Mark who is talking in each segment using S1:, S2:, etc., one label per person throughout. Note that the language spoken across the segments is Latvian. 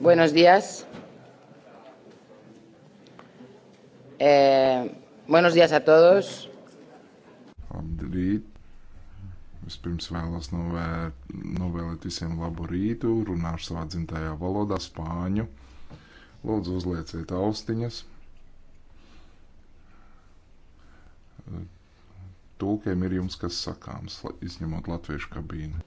S1: Buenos días. Eh, buenos días a todos.
S2: Labrīt. Vispirms vēlos novēr, novēlēt visiem labu rītu, runāšu savā dzimtajā valodā, spāņu. Lūdzu, uzlieciet austiņas. Tūkiem ir jums kas sakāms, izņemot latviešu kabīnu.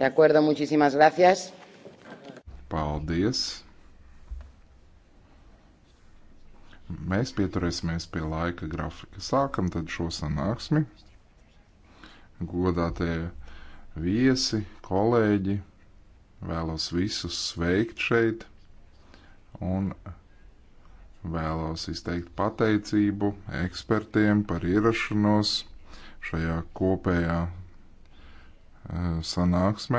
S1: De acuerdo, muchísimas gracias.
S2: Paldies. Mēs pieturēsimies pie laika grafika. Sākam tad šo sanāksmi. Godātie viesi, kolēģi, vēlos visus sveikt šeit un vēlos izteikt pateicību ekspertiem par ierašanos šajā kopējā Eh, sanāksmē.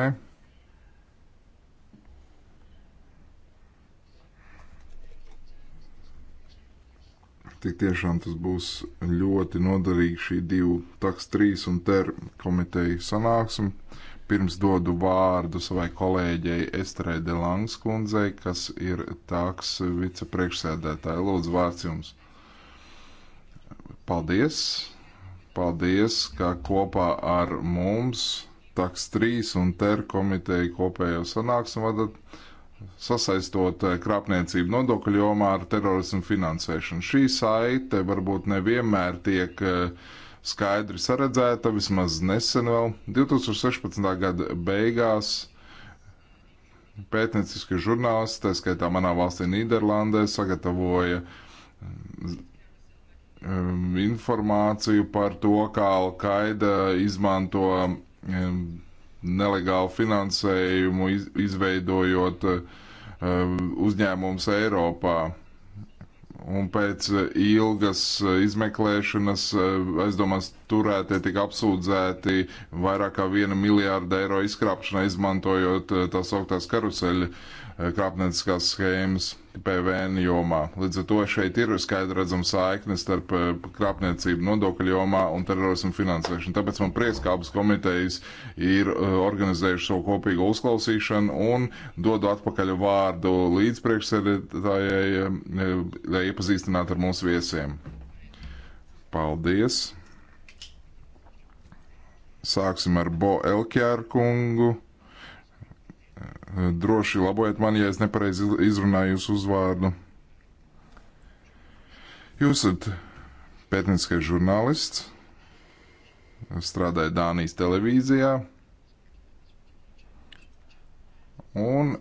S2: Tik tiešām tas būs ļoti noderīgi šī divu taks trīs un ter komiteju sanāksme. Pirms dodu vārdu savai kolēģei Esterei Delangas kundzei, kas ir taks vicepriekšsēdētāja. Lūdzu, vārds jums. Paldies! Paldies, ka kopā ar mums taks 3 un ter komiteju kopējo sanāksmu vadat, sasaistot eh, krāpniecību nodokļu jomā ar terorismu finansēšanu. Šī saite varbūt nevienmēr tiek eh, skaidri saredzēta, vismaz nesen vēl 2016. gada beigās pētnieciskie žurnālisti, tā skaitā manā valstī Nīderlandē, sagatavoja eh, informāciju par to, kā Alkaida izmanto Um, nelegālu finansējumu, izveidojot um, uzņēmumus Eiropā. Un pēc ilgas izmeklēšanas, aizdomās uh, turētie tika apsūdzēti vairāk kā viena miljārda eiro izkrāpšanā, izmantojot uh, tās augtās karuseļa Eh, krāpnieciskās schēmas PVN jomā. Līdz ar to šeit ir skaidri redzama saikne starp eh, krāpniecību nodokļu jomā un terorismu finansēšanu. Tāpēc man prieks, ka abas komitejas ir eh, organizējušas šo kopīgo uzklausīšanu un dodu atpakaļ vārdu līdz priekšsēdētājai, lai iepazīstinātu ar mūsu viesiem. Paldies! Sāksim ar Bo Elkjāru kungu Droši labojiet man, ja es nepareizi izrunāju jūsu uzvārdu. Jūs esat pētnieciskais žurnālists, strādājat Dānijas televīzijā un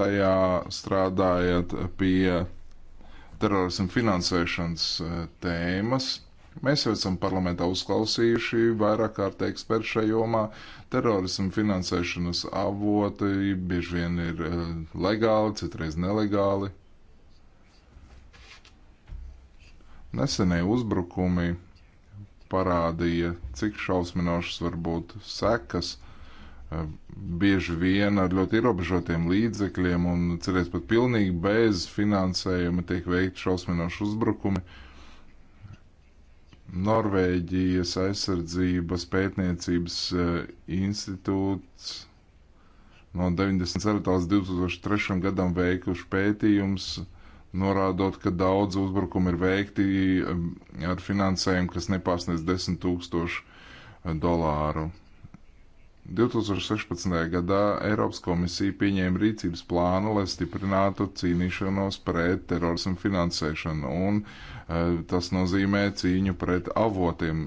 S2: tajā strādājat pie terorismu finansēšanas eh, tēmas Mēs jau esam parlamentā uzklausījuši vairāk kārt ekspertu šajā jomā. Terorismu finansēšanas avoti bieži vien ir eh, legāli, citreiz nelegāli. Nesenie uzbrukumi parādīja, cik šausminošas var būt sekas. Eh, bieži vien ar ļoti ierobežotiem līdzekļiem un, cerēs, pat pilnīgi bez finansējuma tiek veikti šausminoši uzbrukumi. Uh, Norvēģijas aizsardzības pētniecības eh, institūts no 97. līdz 2003. gadam veikuši pētījums, norādot, ka daudz uzbrukumu ir veikti eh, ar finansējumu, kas nepārsniedz 10 tūkstošu eh, dolāru. 2016. gadā Eiropas komisija pieņēma rīcības plānu, lai stiprinātu cīnīšanos pret terorismu finansēšanu, un e, tas nozīmē cīņu pret avotiem,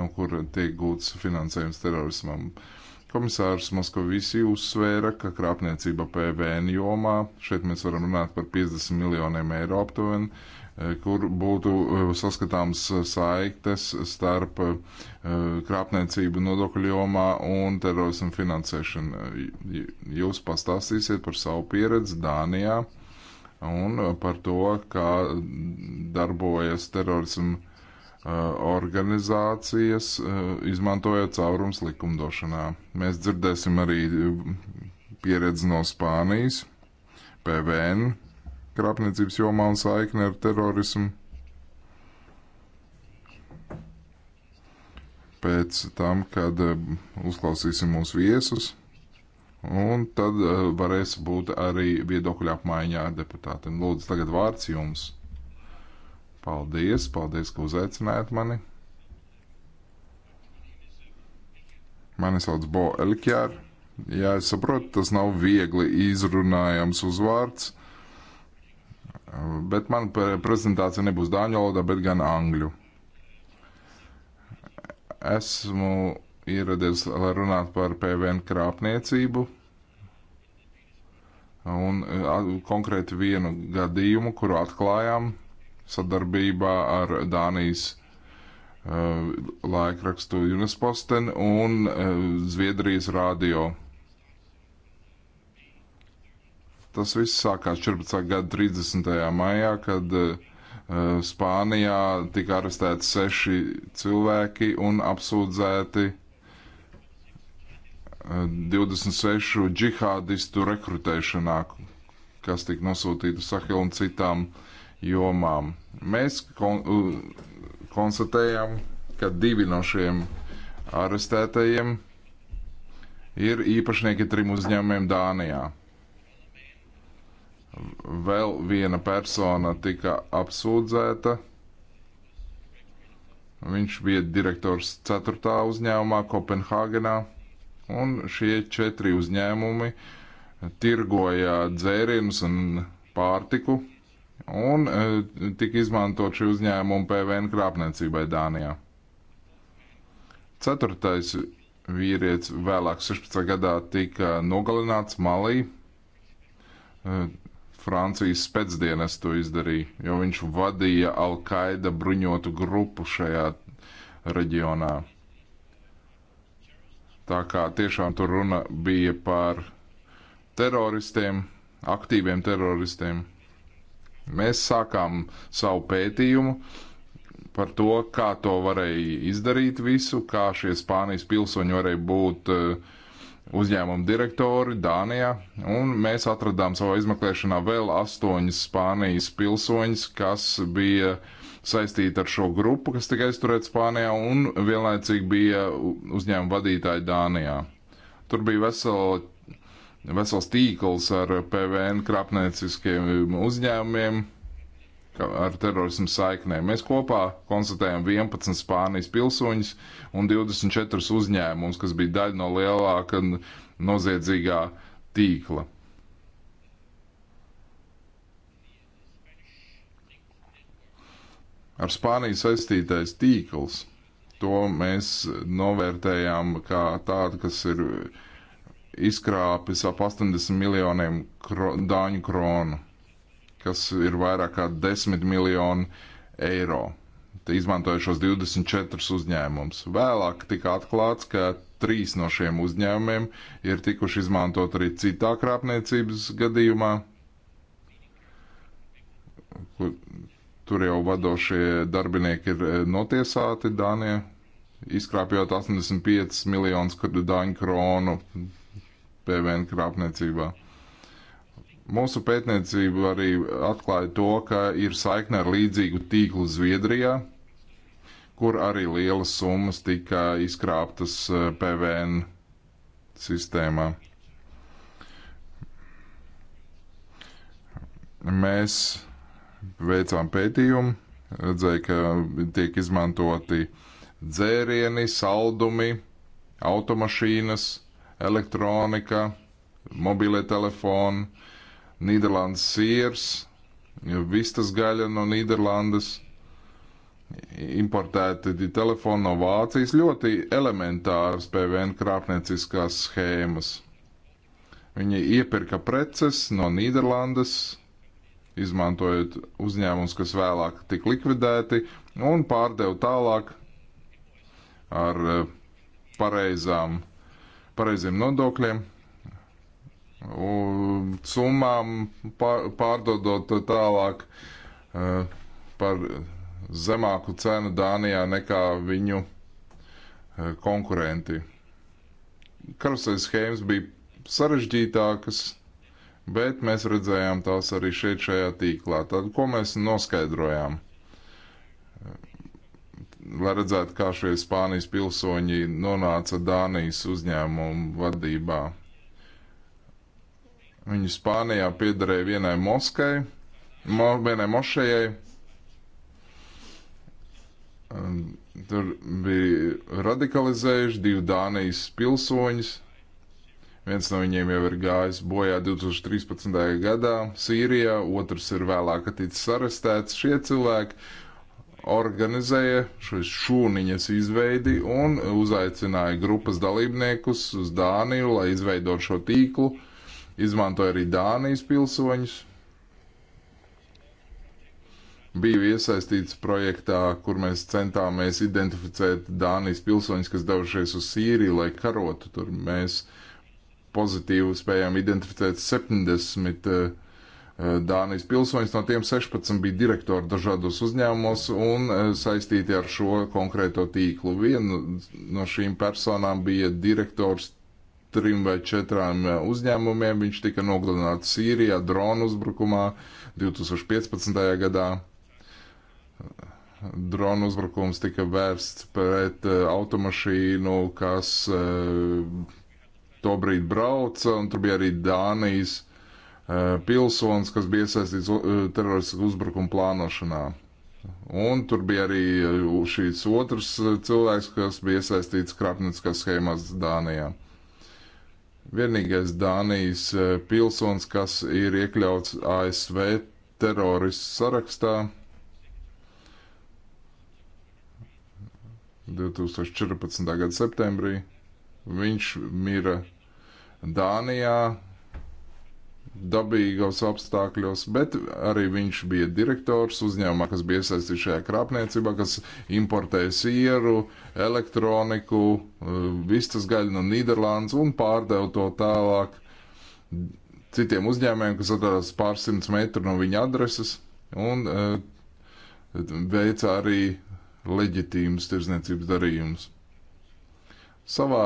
S2: no kur tiek gūts finansējums terorismam. Komisārs Moskovisī uzsvēra, ka krāpniecība PVN jomā, šeit mēs varam runāt par 50 miljoniem eiro aptuveni, Eh, kur būtu eh, saskatāms eh, saiktes starp krāpniecību nodokļu jomā un terorismu finansēšanu. Jūs pastāstīsiet par savu pieredzi Dānijā un par to, kā darbojas terorismu organizācijas, izmantojot caurums likumdošanā. Mēs dzirdēsim arī pieredzi no Spānijas, PVN krāpniecības jomā un saikni ar terorismu. Pēc tam, kad eh, uzklausīsim mūsu viesus, un tad eh, varēs būt arī viedokļu apmaiņā ar deputātiem. Lūdzu, tagad vārds jums. Paldies, paldies, ka uzaicinājāt mani. Mani sauc Bo Elkjār. Jā, es saprotu, tas nav viegli izrunājams uzvārds. Uh, Bet man prezentācija nebūs dāņu valodā, bet gan angļu. Esmu ieradies, lai runātu par PVN krāpniecību un konkrēti vienu gadījumu, kuru atklājām sadarbībā ar Dānijas laikrakstu Junisposten un Zviedrijas radio. Tas viss sākās 14. gada 30. maijā, kad uh, Spānijā tika arestēti seši cilvēki un apsūdzēti uh, eh, 26 džihādistu rekrutēšanā, kas tika nosūtīti uz Sahelu un citām jomām. Mēs kon uh, konstatējam, ka divi no šiem arestētajiem ir īpašnieki trim uzņēmumiem Dānijā vēl viena persona tika apsūdzēta. Viņš bija direktors 4. uzņēmumā Kopenhāgenā, un šie četri uzņēmumi tirgoja dzērienus un pārtiku, un e, tika izmantot šī uzņēmuma PVN krāpniecībai Dānijā. Ceturtais vīrietis vēlāk 16. gadā tika nogalināts Malī e, Francijas spēcdienas to izdarīja, jo viņš vadīja Al-Qaida bruņotu grupu šajā reģionā. Tā kā tiešām tur runa bija par teroristiem, aktīviem teroristiem. Mēs sākām savu pētījumu par to, kā to varēja izdarīt visu, kā šie Spānijas pilsoņi varēja būt uh, uzņēmumu direktori Dānijā, un mēs atradām savā izmeklēšanā vēl astoņas Spānijas pilsoņas, kas bija saistīti ar šo grupu, kas tika aizturēta Spānijā, un vienlaicīgi bija uzņēmuma vadītāji Dānijā. Tur bija vesela, vesels tīkls ar PVN krāpnieciskiem uzņēmumiem, ar terorismu saiknēm. Mēs kopā konstatējam 11 Spānijas pilsoņus un 24 uzņēmumus, kas bija daļa no lielāka noziedzīgā tīkla. Ar Spāniju saistītais tīkls, to mēs novērtējām kā tādu, kas ir izkrāpis ap 80 miljoniem kro, dāņu kronu kas ir vairāk kā 10 miljoni eiro. Te izmantojušos 24 uzņēmumus. Vēlāk tika atklāts, ka trīs no šiem uzņēmumiem ir tikuši izmantot arī citā krāpniecības gadījumā. Tur jau vadošie darbinieki ir eh, notiesāti Dānijā, izkrāpjot 85 miljonus dāņu kronu PVN krāpniecībā. Mūsu pētniecība arī atklāja to, ka ir saikne ar līdzīgu tīklu Zviedrijā, kur arī lielas summas tika izkrāptas eh, PVN sistēmā. Mēs veicām pētījumu, redzēja, ka tiek izmantoti dzērieni, saldumi, automašīnas, elektronika, mobilie telefoni Nīderlandes siers, vistas gaļa no Nīderlandes, importēti telefoni no Vācijas, ļoti elementāras PVN krāpnieciskās schēmas. Viņi iepirka preces no Nīderlandes, izmantojot uzņēmumus, kas vēlāk tika likvidēti, un pārdeva tālāk ar eh, pareizām, pareiziem nodokļiem summām pārdodot tālāk e, par zemāku cenu Dānijā nekā viņu e, konkurenti. Karusais schēmas bija sarežģītākas, bet mēs redzējām tās arī šeit šajā tīklā. Tad, ko mēs noskaidrojām? Lai redzētu, kā šie Spānijas pilsoņi nonāca Dānijas uzņēmumu vadībā. Viņa Spānijā piederēja vienai moskai, mo, vienai mošejai. Tur bija radikalizējuši divi Dānijas pilsoņus. Viens no viņiem jau ir gājis bojā 2013. gadā Sīrijā, otrs ir vēlāk ticis arestēts. Šie cilvēki organizēja šīs šūniņas izveidi un uzaicināja grupas dalībniekus uz Dāniju, lai izveidotu šo tīklu. Izmantoja arī Dānijas pilsoņus. Biju iesaistīts projektā, kur mēs centāmies identificēt Dānijas pilsoņus, kas devušies uz Sīriju, lai karotu tur. Mēs pozitīvi spējām identificēt 70 uh, eh, eh, Dānijas pilsoņus, no tiem 16 bija direktori dažādos uzņēmumos un eh, saistīti ar šo konkrēto tīklu. Viena no šīm personām bija direktors trim vai četrām eh, uzņēmumiem. Viņš tika nogalināts Sīrijā dronu uzbrukumā 2015. gadā. Dronu uzbrukums tika vērsts pret eh, automašīnu, kas eh, tobrīd brauca, un tur bija arī Dānijas pilsonis, kas bija iesaistīts teroristisku uzbrukumu plānošanā. Un tur bija arī šīs otrs cilvēks, kas bija iesaistīts krāpnieciskās schēmās Dānijā vienīgais Dānijas e, pilsonis, kas ir iekļauts ASV teroristu sarakstā. 2014. gada septembrī viņš mira Dānijā dabīgos apstākļos, bet arī viņš bija direktors uzņēmumā, kas bija iesaistīts šajā krāpniecībā, kas importēja sieru, elektroniku, eh, vistas gaļu no Nīderlandes un pārdeva to tālāk citiem uzņēmējiem, kas atrodas pārsimts metru no viņa adreses un eh, veica arī leģitīmas tirzniecības darījumus. Savā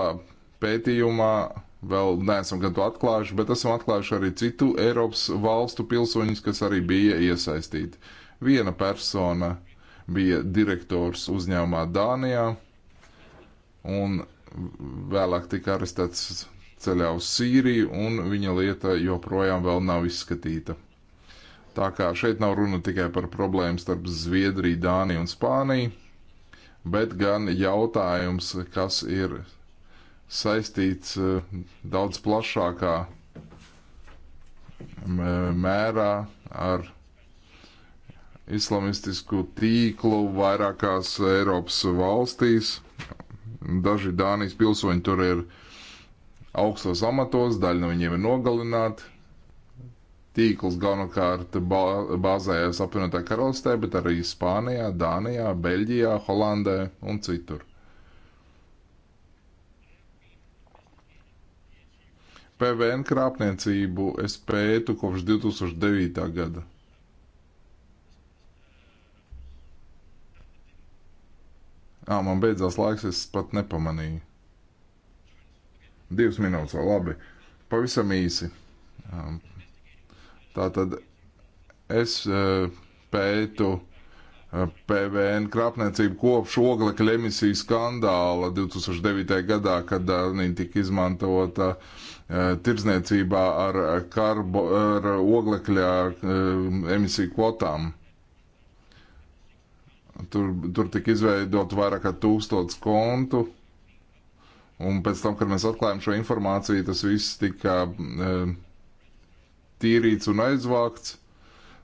S2: pētījumā Vēl neesam gan to atklājuši, bet esam atklājuši arī citu Eiropas valstu pilsoņus, kas arī bija iesaistīti. Viena persona bija direktors uzņēmumā Dānijā un vēlāk tika arestēts ceļā uz Sīriju, un viņa lieta joprojām vēl nav izskatīta. Tā kā šeit nav runa tikai par problēmu starp Zviedriju, Dāniju un Spāniju, bet gan jautājums, kas ir saistīts eh, daudz plašākā mērā ar islamistisku tīklu vairākās Eiropas valstīs. Daži Dānijas pilsoņi tur ir augstos amatos, daļa no viņiem ir nogalināti. Tīkls galvenokārt bāzējās apvienotā karalistē, bet arī Spānijā, Dānijā, Beļģijā, Holandē un citur. PVN krāpniecību es pētu kopš 2009. gada. Ā, man beidzās laiks, es pat nepamanīju. Divas minūtes vēl labi. Pavisam īsi. Tā tad es pētu PVN krāpniecību kopš oglekļa emisiju skandāla 2009. gadā, kad Danija tika izmantota uh, Eh, tirzniecībā ar, eh, karbo, ar oglekļa eh, emisiju kvotām. Tur, tur tika izveidot vairāk kā tūkstots kontu, un pēc tam, kad mēs atklājām šo informāciju, tas viss tika tīrīts un aizvākts.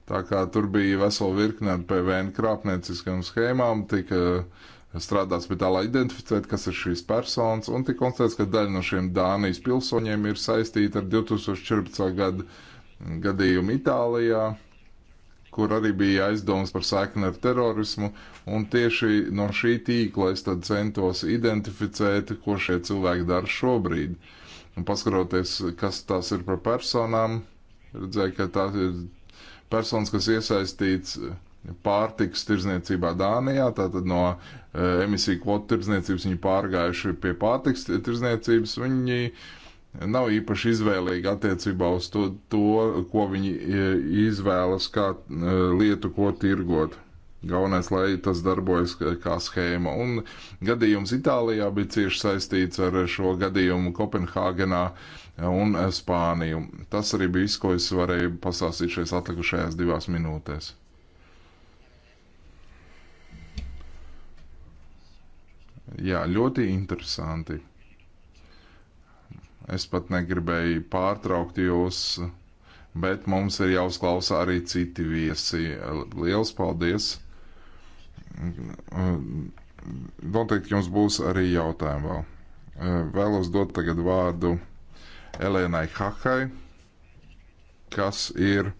S2: Tā kā tur bija vesela virkne ar PVN krāpnieciskām schēmām, tika uh, strādāts pie tā, lai identificētu, kas ir šīs personas, un tika konstatēts, ka daļa no šiem Dānijas pilsoņiem ir saistīta ar 2014. gadu gadījumu Itālijā, kur arī bija aizdomas par saikni ar terorismu, un tieši no šī tīkla es tad centos identificēt, ko šie cilvēki dara šobrīd. Un paskaroties, kas tās ir par personām, redzēju, ka tās ir personas, kas iesaistīts pārtiks tirzniecībā Dānijā, tātad no uh, emisiju kvotu tirzniecības viņi pārgājuši pie pārtiks tirzniecības, viņi nav īpaši izvēlīgi attiecībā uz to, to ko viņi e, izvēlas kā uh, lietu, ko tirgot. Galvenais, lai tas darbojas kā schēma. Un gadījums Itālijā bija cieši saistīts ar šo gadījumu Kopenhāgenā un Spāniju. Tas arī bija viss, ko es varēju pasāstīt šajās atlikušajās divās minūtēs. Jā, ļoti interesanti. Es pat negribēju pārtraukt jūs, bet mums ir jāuzklausa arī citi viesi. Lielas paldies! Noteikti jums būs arī jautājumi vēl. Vēlos dot tagad vārdu Elēnai Hakai, kas ir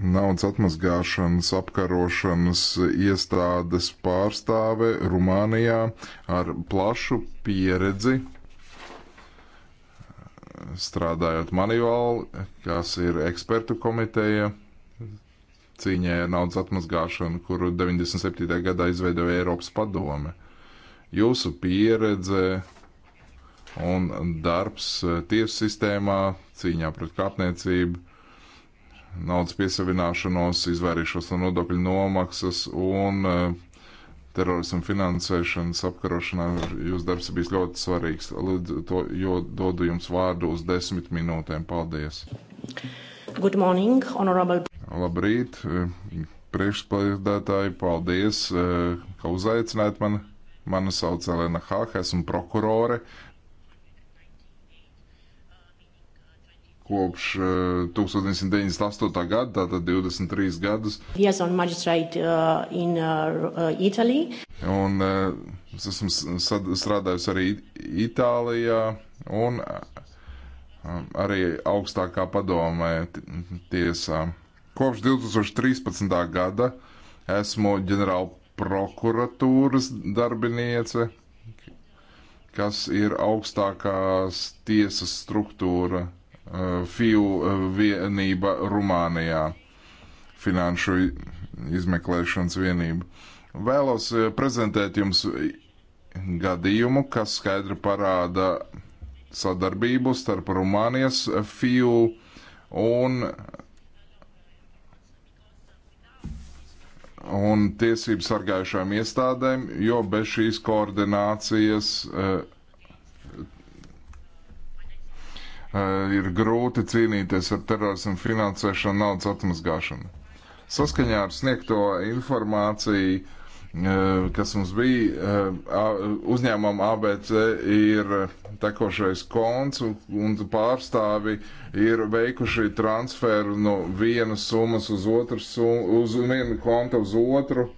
S2: naudas atmazgāšanas apkarošanas iestādes pārstāve Rumānijā ar plašu pieredzi strādājot manuāli, kas ir ekspertu komiteja cīņai ar naudas atmazgāšanu, kuru 97. gadā izveidoja Eiropas padome. Jūsu pieredze un darbs tiesu sistēmā, cīņā pret kāpniecību naudas piesavināšanos, izvairīšos no nodokļu nomaksas un eh, terorismu finansēšanas apkarošanā jūsu darbs bijis ļoti svarīgs. Līdz to, jo dodu jums vārdu uz desmit minūtēm. Paldies!
S1: Good morning, honorable.
S2: Labrīt, eh, priekšsēdētāji, paldies, eh, ka uzaicinājāt mani. Mani sauc Elena Hāka, esmu prokurore kopš 1998. Eh, gada, tātad 23 gadus.
S1: Uh, uh, uh,
S2: un eh, es esmu strādājusi arī Itālijā un um, arī augstākā padomē tiesā. Kopš 2013. gada esmu ģenerāla prokuratūras darbiniece, kas ir augstākās tiesas struktūra Eh, FIU eh, vienība Rumānijā, finanšu izmeklēšanas vienība. Vēlos eh, prezentēt jums gadījumu, kas skaidri parāda sadarbību starp Rumānijas FIU un, un tiesību sargājušām iestādēm, jo bez šīs koordinācijas uh, Eh, ir grūti cīnīties ar terorismu finansēšanu, naudas atmazgāšanu. Saskaņā ar sniegto informāciju, eh, kas mums bija, eh, uzņēmumam ABC ir tekošais konts un pārstāvi ir veikuši transferu no vienas summas uz, otru, uz vienu kontu uz otru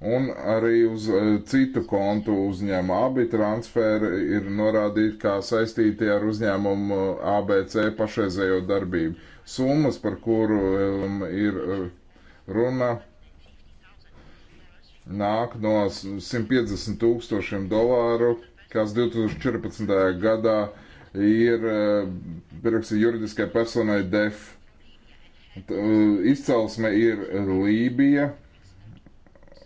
S2: un arī uz e, citu kontu uzņēma. Abi transferi ir norādīti kā saistīti ar uzņēmumu e, ABC pašreizējo darbību. Summas, par kuru um, ir e, runa, nāk no 150 tūkstošiem dolāru, kas 2014. gadā ir pierakstīta juridiskai personai DEF. Izcelsme ir Lībija,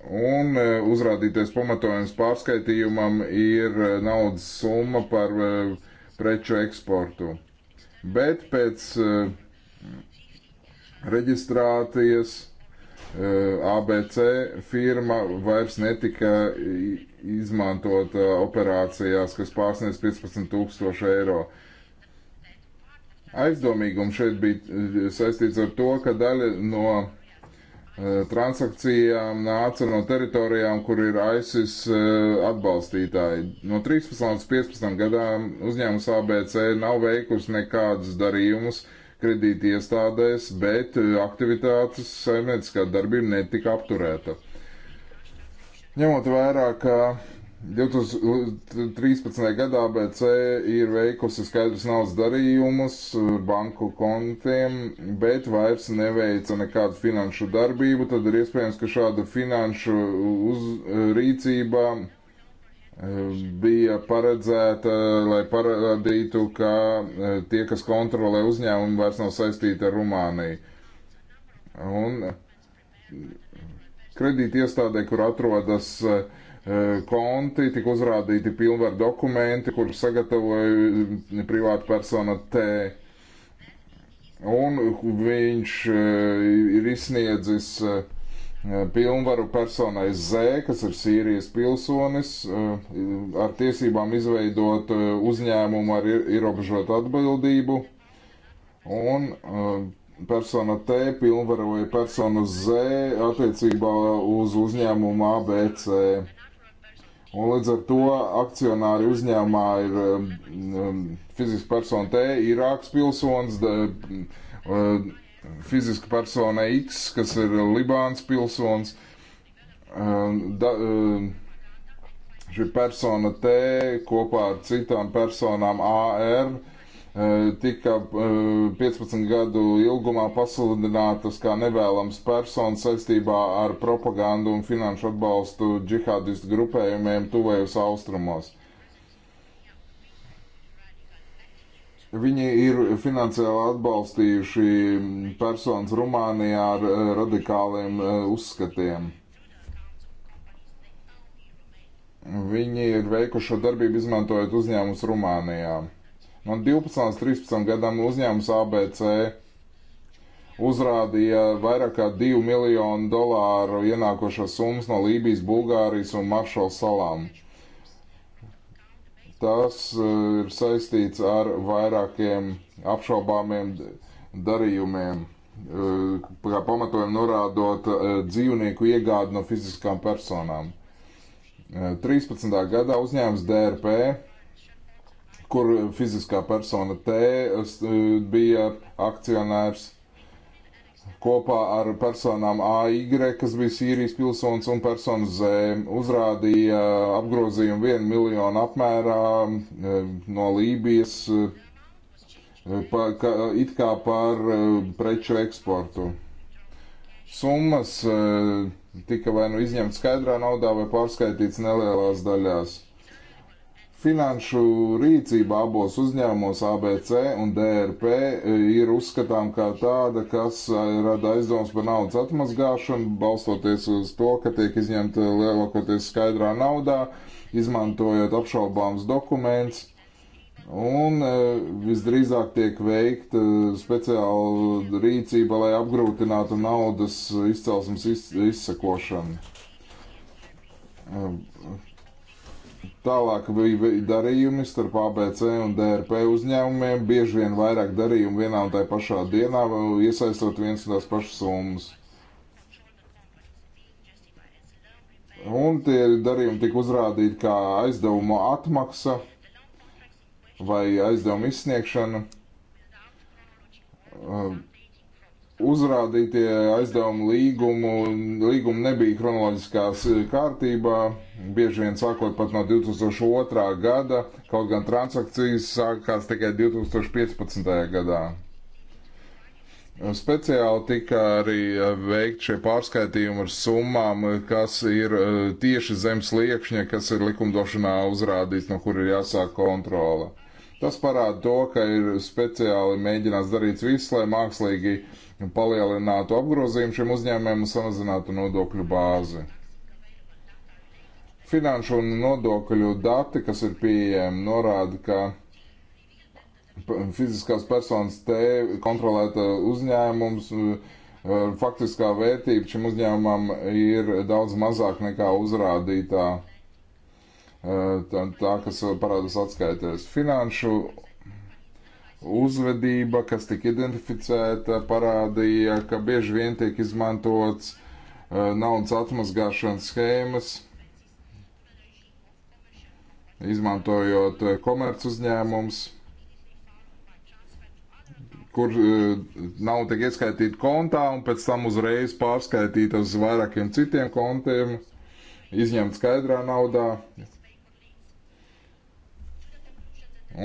S2: Un e, uzrādīties pamatojums pārskaitījumam ir e, naudas summa par e, preču eksportu. Bet pēc reģistrācijas ABC firma vairs netika izmantota operācijās, kas pārsniedz 15 tūkstoši eiro. Aizdomīgums šeit bija saistīts ar to, ka daļa no Eh, transakcijām nāca no teritorijām, kur ir ISIS eh, atbalstītāji. No 13 līdz 15 gadām uzņēmums ABC nav veikusi nekādus darījumus kredīti iestādēs, bet eh, aktivitātes saimnieciskā darbība netika apturēta. Ņemot vērā, ka 2013. gadā BC ir veikusi skaidrs naudas darījumus e, banku kontiem, bet vairs neveica nekādu finanšu darbību, tad ir iespējams, ka šāda finanšu uz, e, rīcība e, bija paredzēta, lai parādītu, ka tie, kas kontrolē uzņēmumu, vairs nav saistīti ar Rumāniju. Un kredīti iestādē, kur atrodas uh, Eh, konti, tika uzrādīti pilnvaru dokumenti, kurus sagatavoja privāta persona T. Un viņš eh, ir izsniedzis eh, pilnvaru personai Z, kas ir Sīrijas pilsonis, ar tiesībām izveidot uzņēmumu ar ierobežotu atbildību. Un persona T pilnvaroja personu Z attiecībā uz uzņēmumu ABC. Un līdz ar to akcionāri uzņēmumā ir um, um fiziska persona T, Irāks pilsonis, um, fiziska persona X, kas ir Libāns pilsonis. Um, da, um, šī persona T kopā ar citām personām AR tika 15 gadu ilgumā pasludinātas kā nevēlams personas saistībā ar propagandu un finanšu atbalstu džihādistu grupējumiem tuvējos austrumos. Viņi ir finansiāli atbalstījuši personas Rumānijā ar radikāliem uzskatiem. Viņi ir veikušo darbību izmantojot uzņēmumus Rumānijā. No 12 līdz 13 gadam uzņēmums ABC uzrādīja vairāk kā 2 miljonu dolāru ienākošo summas no Lībijas, Bulgārijas un Maršala salām. Tas e, ir saistīts ar vairākiem apšaubāmiem darījumiem e, kā pamatojumu norādot e, dzīvnieku iegādi no fiziskām personām. 13. gadā uzņēmums DRP kur fiziskā persona T e, bija akcionārs kopā ar personām AY, kas bija Sīrijas pilsonis un personu Z, uzrādīja apgrozījumu 1 miljonu apmērā e, no Lībijas, e, pa, ka, it kā par preču eksportu. Summas tika vai nu izņemts skaidrā naudā vai pārskaitīts nelielās daļās. Finanšu rīcība abos uzņēmumos, ABC un DRP, e, ir uzskatām kā tāda, kas e, rada aizdomas par naudas atmazgāšanu, balstoties uz to, ka tiek izņemta lielākoties skaidrā naudā, izmantojot apšaubāms dokuments, un e, visdrīzāk tiek veikta speciāla rīcība, lai apgrūtinātu naudas izcelsmes izsakošanu Tālāk bija darījumi starp ABC un DRP uzņēmumiem, bieži vien vairāk darījumu vienā un tajā pašā dienā, iesaistot viens un tās pašas summas. Un tie darījumi tika uzrādīti kā aizdevuma atmaksa vai aizdevuma izsniegšana. Uh, uzrādītie aizdevumu līgumu, līgumu nebija chronoloģiskās eh, kārtībā, bieži vien sākot pat no 2002. gada, kaut gan transakcijas sākās tikai 2015. gadā. Speciāli tika arī eh, veikt šie pārskaitījumi ar summām, kas ir eh, tieši zem sliekšņa, kas ir likumdošanā uzrādīts, no kur ir jāsāk kontrola. Tas parāda to, ka ir speciāli mēģināts darīt viss, lai mākslīgi uh, Nu, palielinātu apgrozījumu šiem uzņēmumiem un samazinātu nodokļu bāzi. Finanšu un nodokļu dati, kas ir pieejami, norāda, ka fiziskās personas te kontrolēta uzņēmums e, e, faktiskā vērtība šim uzņēmumam ir daudz mazāk nekā uzrādītā e, tā, tā kas parādās atskaitēs. Finanšu uzvedība, kas tika identificēta, parādīja, ka bieži vien tiek izmantots uh, naudas atmazgāšanas schēmas, izmantojot uh, komerc uzņēmums, kur uh, nauda tiek ieskaitīta kontā un pēc tam uzreiz pārskaitīta uz vairākiem citiem kontiem, izņemt skaidrā naudā,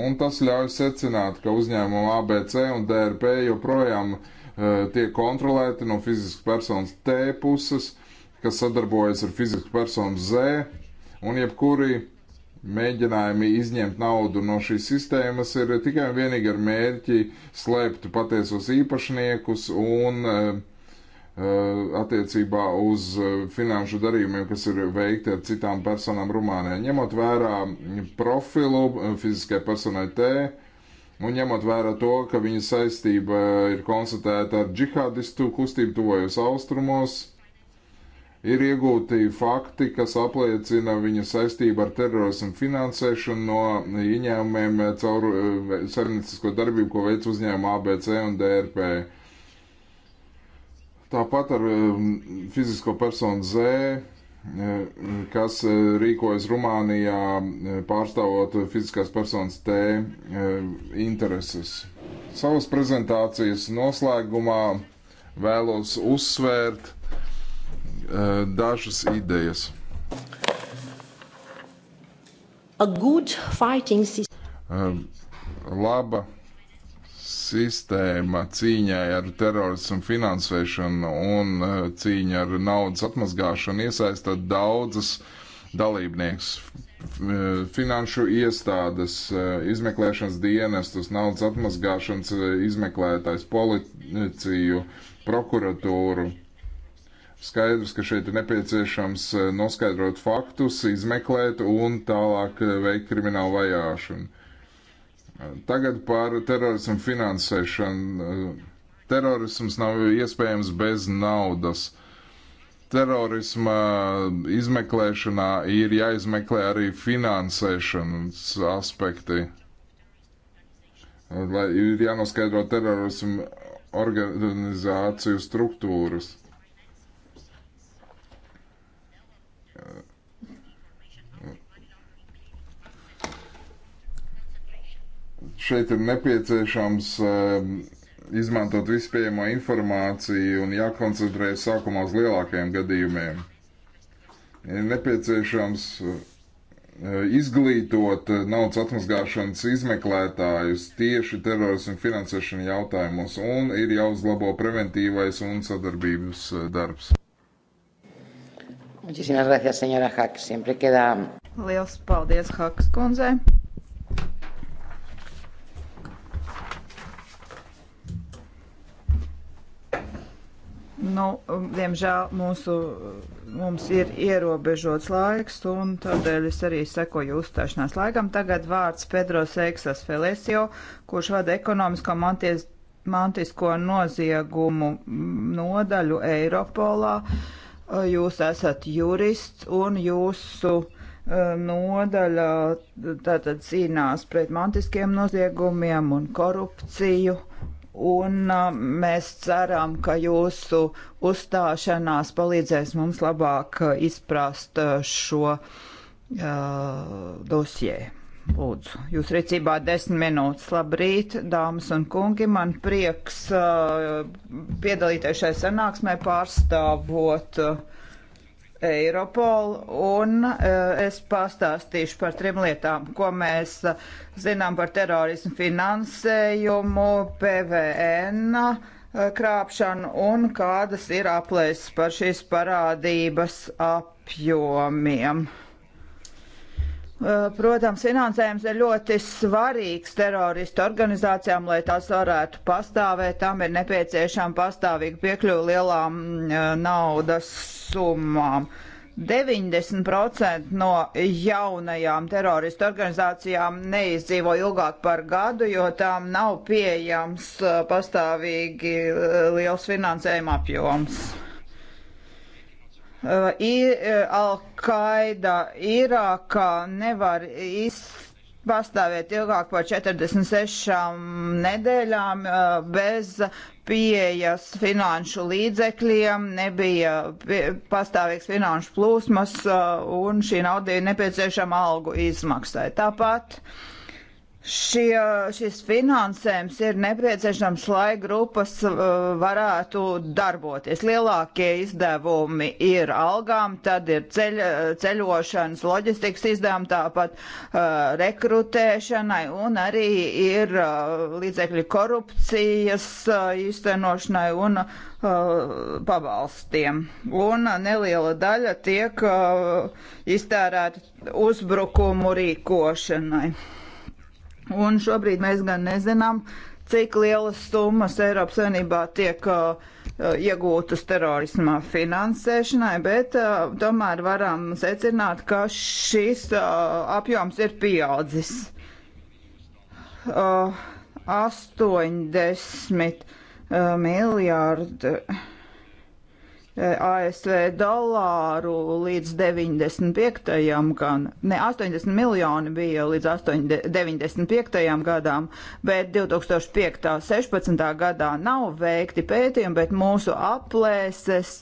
S2: Un tas ļauj secināt, ka uzņēmumu ABC un DRP joprojām uh, tiek kontrolēti no fiziskas personas T puses, kas sadarbojas ar fizisku personu Z, un jebkuri mēģinājumi izņemt naudu no šīs sistēmas ir tikai un vienīgi ar mērķi slēpt patiesos īpašniekus un uh, Eh, attiecībā uz eh, finanšu darījumiem, kas ir veikti ar citām personām Rumānijā. Ņemot vērā profilu eh, fiziskai personai T un ņemot vērā to, ka viņa saistība ir konstatēta ar džihādistu kustību tuvojos austrumos, ir iegūti fakti, kas apliecina viņa saistību ar terorismu finansēšanu no ieņēmumiem caur saimniecisko darbību, ko veic uzņēmuma ABC un DRP. Tāpat ar um, fizisko personu Z, eh, kas eh, rīkojas Rumānijā, eh, pārstāvot fiziskās personas T intereses. Savas prezentācijas noslēgumā vēlos uzsvērt dažas idejas. Laba sistēma cīņai ar terorismu finansēšanu un eh, cīņa ar naudas atmazgāšanu iesaista daudzas dalībniekus. Eh, finanšu iestādes, eh, izmeklēšanas dienestus, naudas atmazgāšanas izmeklētājs, policiju, prokuratūru. Skaidrs, ka šeit ir nepieciešams noskaidrot faktus, izmeklēt un tālāk veikt kriminālu vajāšanu Tagad par terorismu finansēšanu. Terorisms nav iespējams bez naudas. Terorisma izmeklēšanā ir jāizmeklē arī finansēšanas aspekti. Lai ir jānoskaidro terorismu organizāciju struktūras. Šeit ir nepieciešams ehm, izmantot vispējamo informāciju un jākoncentrējas sākumā uz lielākajiem gadījumiem. Ir nepieciešams eh, izglītot eh, naudas atmazgāšanas izmeklētājus tieši terorismu finansēšanu jautājumos, un ir jāuzlabo preventīvais un sadarbības eh, darbs.
S3: Muchísimas
S1: gracias, señora Hak. Siempre queda.
S3: Liels paldies, Hakas kundzei. Nu, diemžēl mūsu, mums ir ierobežots laiks, un tādēļ es arī sekoju uzstāšanās laikam. Tagad vārds Pedro Seksas Felesio, kurš vada ekonomisko manties, mantisko noziegumu nodaļu Eiropolā. Jūs esat jurists, un jūsu e, nodaļa tātad cīnās pret mantiskiem noziegumiem un korupciju un uh, mēs ceram, ka jūsu uzstāšanās palīdzēs mums labāk uh, izprast uh, šo uh, dosjē. Lūdzu, jūs rīcībā desmit minūtes. Labrīt, dāmas un kungi. Man prieks uh, piedalīties šai sanāksmē pārstāvot uh, Eiropolu, un eh, es pastāstīšu par trim lietām, ko mēs eh, zinām par terorismu finansējumu, PVN eh, krāpšanu un kādas ir aplēses par šīs parādības apjomiem. Eh, protams, finansējums ir ļoti svarīgs teroristu organizācijām, lai tās varētu pastāvēt. Tam ir nepieciešama pastāvīga piekļuva lielām eh, naudas summām. 90% no jaunajām teroristu organizācijām neizdzīvo ilgāk par gadu, jo tām nav pieejams eh, pastāvīgi liels finansējuma apjoms. Uh, Al-Qaida Irākā nevar izsākt pastāvēt ilgāk par 46 nedēļām uh, bez pieejas finanšu līdzekļiem, nebija pastāvīgs finanšu plūsmas uh, un šī nauda ir nepieciešama algu izmaksai. Tāpat Šie, šis finansējums ir nepieciešams, lai grupas uh, varētu darboties. Lielākie izdevumi ir algām, tad ir ceļ, ceļošanas, loģistikas izdevumi, tāpat uh, rekrutēšanai un arī ir uh, līdzekļi korupcijas uh, īstenošanai un uh, pabalstiem. Un neliela daļa tiek uh, iztērēta uzbrukumu rīkošanai. Un šobrīd mēs gan nezinām, cik lielas summas Eiropas Savienībā tiek uh, uh, iegūtas terorismā finansēšanai, bet uh, tomēr varam secināt, ka šis uh, apjoms ir pieaudzis. 80 uh, uh, miljārdi ASV dolāru līdz 95. gan, ne 80 miljoni bija līdz 8, 95. gadām, bet 2005. 16. gadā nav veikti pētījumi, bet mūsu aplēses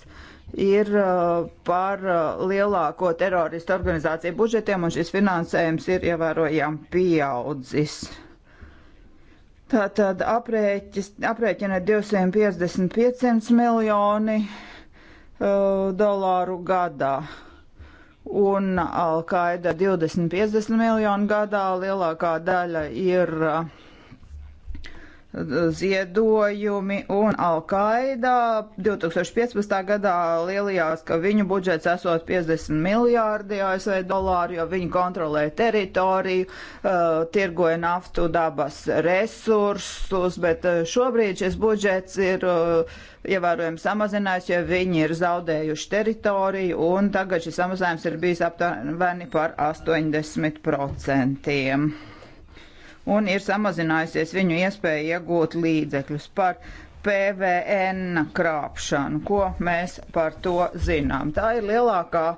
S3: ir uh, par uh, lielāko teroristu organizāciju budžetiem, un šis finansējums ir ievērojami pieaudzis. Tātad aprēķina 250-500 miljoni Uh, dolāru gadā. Un Alkaida 20-50 miljonu gadā lielākā daļa ir uh, ziedojumi, un Alkaida 2015. gadā lielījās, ka viņu budžets esot 50 miljārdi ASV dolāru, jo viņi kontrolē teritoriju, uh, tirgoja naftu, dabas resursus, bet uh, šobrīd šis budžets ir uh, ievērojami samazinājies, jo viņi ir zaudējuši teritoriju, un tagad šis samazinājums ir bijis aptuveni par 80%. Un ir samazinājusies viņu iespēja iegūt līdzekļus par PVN krāpšanu. Ko mēs par to zinām? Tā ir lielākā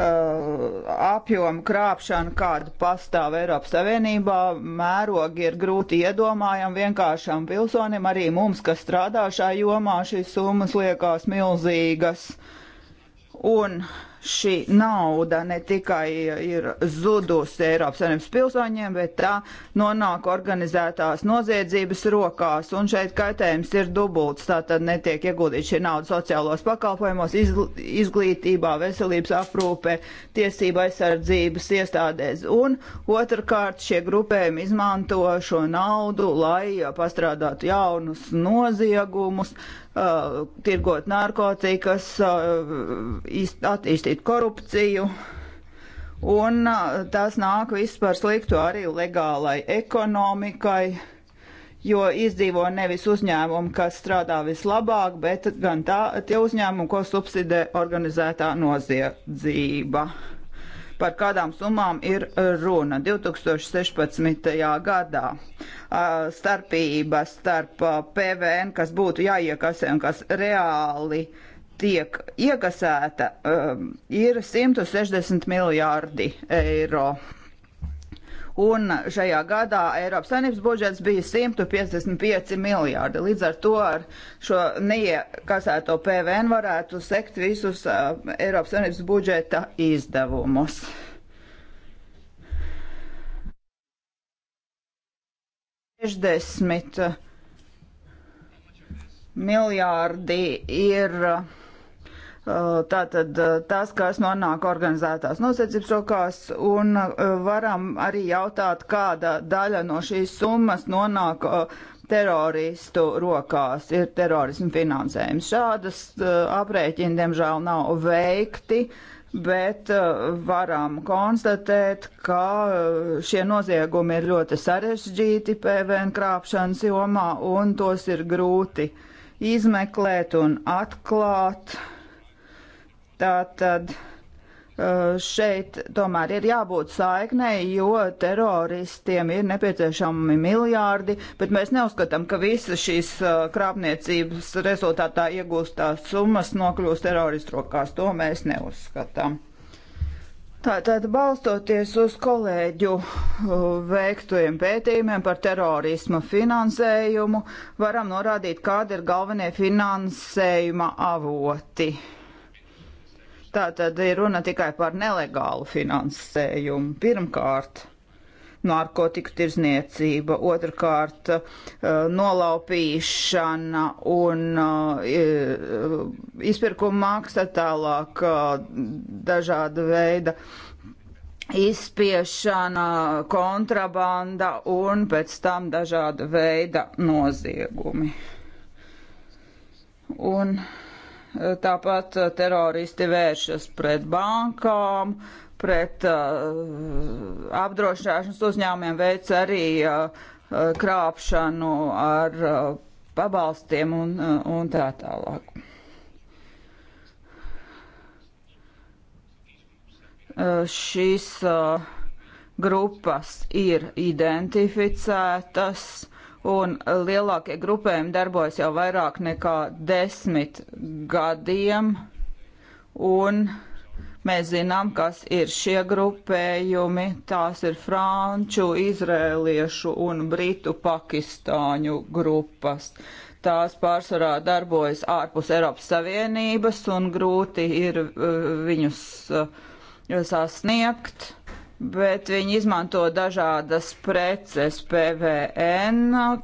S3: Eh, apjomu krāpšanu, kāda pastāv Eiropas Savienībā, mērogi ir grūti iedomājami vienkāršam pilsonim, arī mums, kas strādā šajā jomā, šīs summas liekas milzīgas. Un uh, šī nauda ne tikai ir zudusi Eiropas Savienības pilsoņiem, bet tā nonāk organizētās noziedzības rokās, un šeit kaitējums ir dubults. Tātad netiek ieguldīta šī nauda sociālos pakalpojumos, izglītībā, veselības aprūpē, tiesība aizsardzības iestādēs. Un otrkārt šie grupējumi izmanto šo naudu, lai pastrādātu jaunus noziegumus. Uh, uh, tirgot narkotikas, uh, attīstīt korupciju. Un uh, tas nāk viss par sliktu arī legālai ekonomikai, jo izdzīvo nevis uzņēmumi, kas strādā vislabāk, bet gan tā, tie uzņēmumi, ko subsidē organizētā noziedzība par kādām summām ir e, runa. 2016. gadā starpība starp PVN, kas būtu jāiekasē un kas reāli tiek iekasēta, e, ir 160 miljārdi eiro un šajā gadā Eiropas Savienības budžets bija 155 miljārdi. Līdz ar to ar šo neiekasēto PVN varētu sekt visus uh, Eiropas Savienības budžeta izdevumus. Uh, miljārdi ir uh, Uh, tātad uh, tas, kas nonāk organizētās nosacības rokās, un uh, varam arī jautāt, kāda daļa no šīs summas nonāk teroristu rokās, ir terorismu finansējums. Šādas aprēķini, diemžēl, nav veikti, bet varam konstatēt, ka šie noziegumi ir ļoti sarežģīti PVN krāpšanas jomā, un tos ir grūti izmeklēt un atklāt Tātad uh, šeit tomēr ir jābūt saiknei, jo teroristiem ir nepieciešami miljārdi, bet mēs neuzskatām, ka visas šīs uh, krāpniecības rezultātā iegūstās summas nokļūst teroristu rokās. To mēs neuzskatām. Tātad balstoties uz kolēģu uh, veiktajiem pētījumiem par terorisma finansējumu, varam norādīt, kāda ir galvenie finansējuma avoti. Tā tad ir runa tikai par nelegālu finansējumu. Pirmkārt, narkotiku tirzniecība, otrkārt, uh, nolaupīšana un uh, izpirkuma māksla, tālāk uh, dažāda veida izspiešana, kontrabanda un pēc tam dažāda veida noziegumi. Un Tāpat eh, teroristi vēršas pret bankām, pret uh, apdrošināšanas uzņēmumiem, veic arī uh, krāpšanu ar uh, pabalstiem un, un tā tālāk. Šīs grupas ir identificētas un lielākie grupējumi darbojas jau vairāk nekā desmit gadiem, un mēs zinām, kas ir šie grupējumi. Tās ir franču, izrēliešu un britu pakistāņu grupas. Tās pārsvarā darbojas ārpus Eiropas Savienības, un grūti ir uh, viņus uh, sasniegt bet viņi izmanto dažādas preces PVN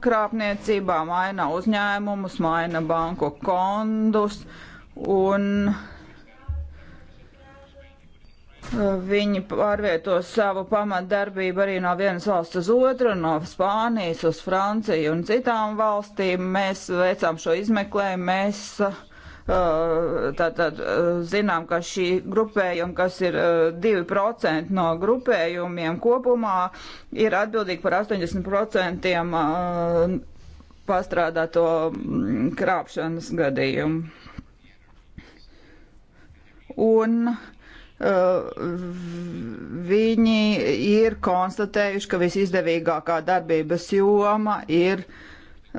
S3: krāpniecībā, maina uzņēmumus, maina banku kondus un uh, viņi pārvieto savu pamatdarbību arī no vienas valsts uz otru, no Spānijas uz Franciju un citām valstīm. Mēs veicām šo izmeklējumu, mēs uh, Tātad zinām, ka šī grupējuma, kas ir 2% no grupējumiem kopumā, ir atbildīga par 80% pastrādāto mm, krāpšanas gadījumu. Un Uh, viņi ir konstatējuši, ka visizdevīgākā darbības joma ir uh,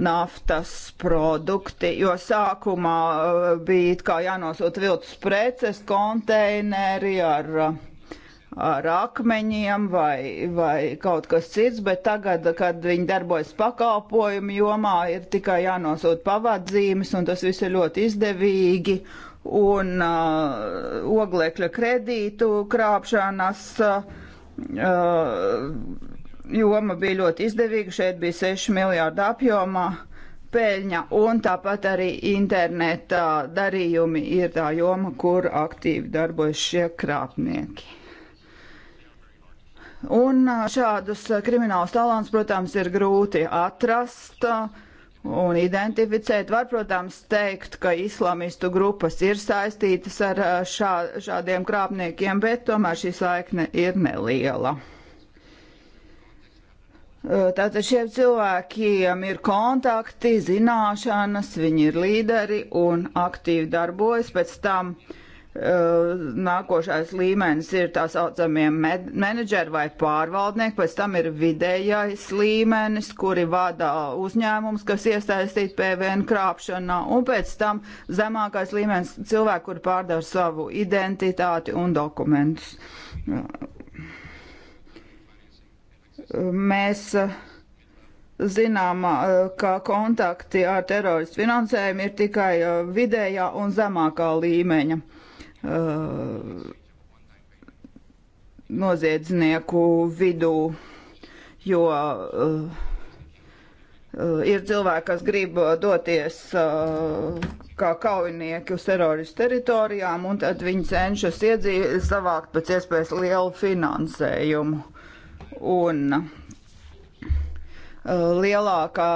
S3: naftas produkti, jo sākumā eh, bija it kā jānosūta viltus preces, konteineri ar, ar akmeņiem vai, vai kaut kas cits, bet tagad, kad viņi darbojas pakalpojumu jomā, ir tikai jānosūta pavadzīmes, un tas viss ir ļoti izdevīgi un uh, oglekļa kredītu krāpšanas uh, joma bija ļoti izdevīga, šeit bija 6 miljārdu apjomā peļņa, un tāpat arī interneta darījumi ir tā joma, kur aktīvi darbojas šie krāpnieki. Un šādus kriminālus talants, protams, ir grūti atrast un identificēt. Var, protams, teikt, ka islamistu grupas ir saistītas ar šā, šādiem krāpniekiem, bet tomēr šī saikne ir neliela. Tātad šiem cilvēkiem ir kontakti, zināšanas, viņi ir līderi un aktīvi darbojas. Pēc tam uh, nākošais līmenis ir tā saucamie menedžeri vai pārvaldnieki, pēc tam ir vidējais līmenis, kuri vada uzņēmums, kas iesaistīti PVN krāpšanā, un pēc tam zemākais līmenis cilvēki, kuri pārdara savu identitāti un dokumentus Mēs uh, zinām, uh, ka kontakti ar teroristu finansējumu ir tikai uh, vidējā un zemākā līmeņa noziedznieku vidū, jo ir cilvēki, kas grib doties kā kaujinieki uz teroristu teritorijām, un tad viņi cenšas iedzīvot, savākt pēc iespējas lielu finansējumu un uh, lielākā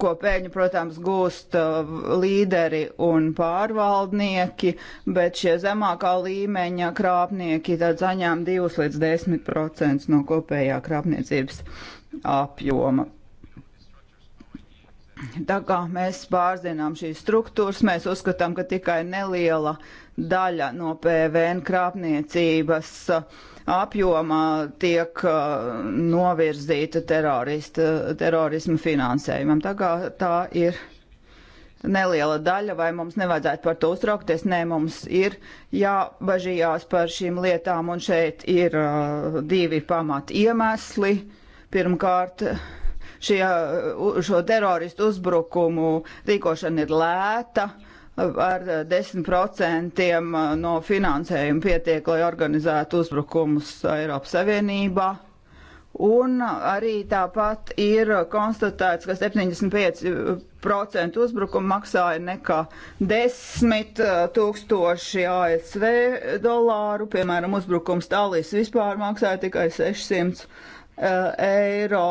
S3: kopēņa, protams, gūst uh, līderi un pārvaldnieki, bet šie zemākā līmeņa krāpnieki tad saņem 2 līdz 10 procentus no kopējā krāpniecības apjoma. Tā kā mēs pārzinām šīs struktūras, mēs uzskatām, ka tikai neliela daļa no PVN krāpniecības uh, apjomā tiek uh, novirzīta terorisma finansējumam. Tā kā tā ir neliela daļa, vai mums nevajadzētu par to uztraukties. Nē, mums ir jābažījās par šīm lietām, un šeit ir uh, divi pamati iemesli. Pirmkārt, šie, šo teroristu uzbrukumu rīkošana ir lēta. Uh, ar 10% eh, eh, no finansējuma pietiek, lai organizētu uzbrukumus Eiropas Savienībā. Un arī tāpat ir konstatēts, ka 75% uzbrukumu maksāja nekā 10 tūkstoši ASV dolāru. Piemēram, uzbrukums Tallis vispār maksāja tikai 600 uh, eh, eiro.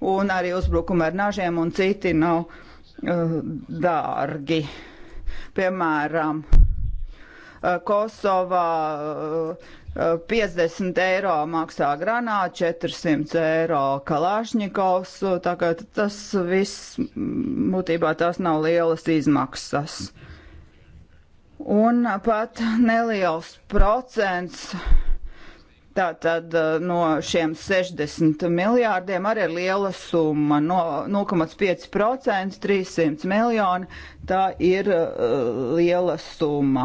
S3: Un arī uzbrukumi ar nažiem un citi nav uh, dārgi. Uh, Piemēram, eh, Kosovā 50 eh, eh, eiro maksā granāta, 400 eiro kalāšņikovs. Tagad tas viss, mm, būtībā tās nav lielas izmaksas. Un pat neliels procents Tātad eh, no šiem 60 miljārdiem arī ir liela summa, no 0,5% 300 miljoni, tā ir uh, liela summa.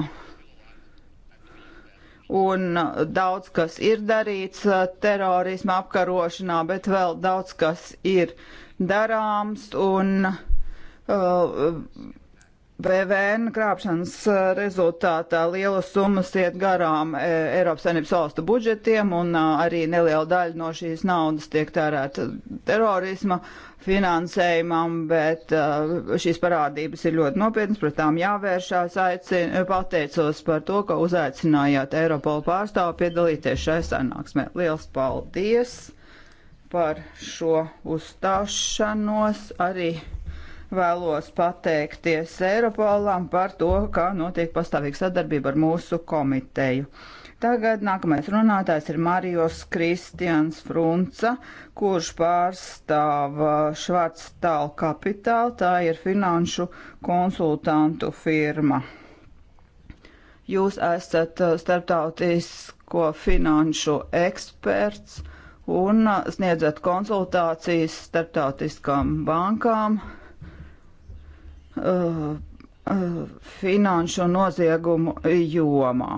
S3: Un eh, daudz kas ir darīts uh, terorisma apkarošanā, bet vēl daudz kas ir darāms un uh, PVN krāpšanas uh, rezultātā lielas summas iet garām uh, Eiropas Savienības valstu budžetiem un uh, arī neliela daļa no šīs naudas tiek tērēta terorisma finansējumam, bet šīs parādības ir ļoti nopietnas, pret tām jāvēršās. Aicin, pateicos par to, ka uzaicinājāt Eiropola pārstāvu piedalīties šai sanāksmē. Liels paldies par šo uzstāšanos arī. Vēlos pateikties Eiropolam par to, kā notiek pastāvīga sadarbība ar mūsu komiteju. Tagad nākamais runātājs ir Marijos Kristians Frunca, kurš pārstāv uh, Švarcstālu kapitālu, tā ir finanšu konsultantu firma. Jūs esat uh, starptautisko finanšu eksperts un uh, sniedzat konsultācijas starptautiskām bankām Uh, uh, finanšu noziegumu jomā.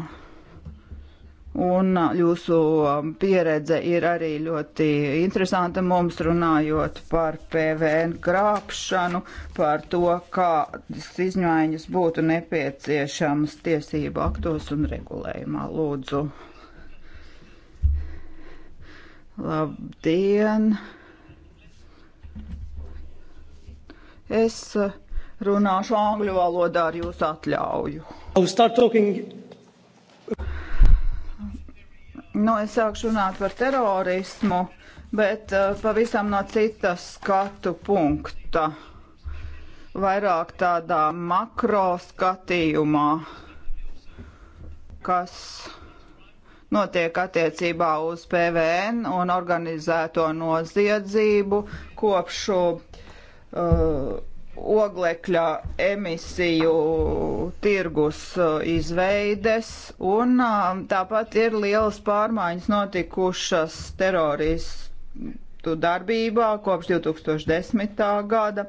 S3: Un uh, jūsu um, pieredze ir arī ļoti interesanta mums runājot par PVN krāpšanu, par to, kādas izmaiņas būtu nepieciešamas tiesību aktos un regulējumā. Lūdzu. Labdien! Es uh, runāšu angļu valodā ar jūsu atļauju. Oh, nu, es sāku runāt par terorismu, bet uh, pavisam no citas skatu punkta, vairāk tādā makro skatījumā, kas notiek attiecībā uz PVN un organizēto noziedzību kopš uh, oglekļa emisiju tirgus uh, izveides, un uh, tāpat ir lielas pārmaiņas notikušas teroristu darbībā kopš 2010. gada.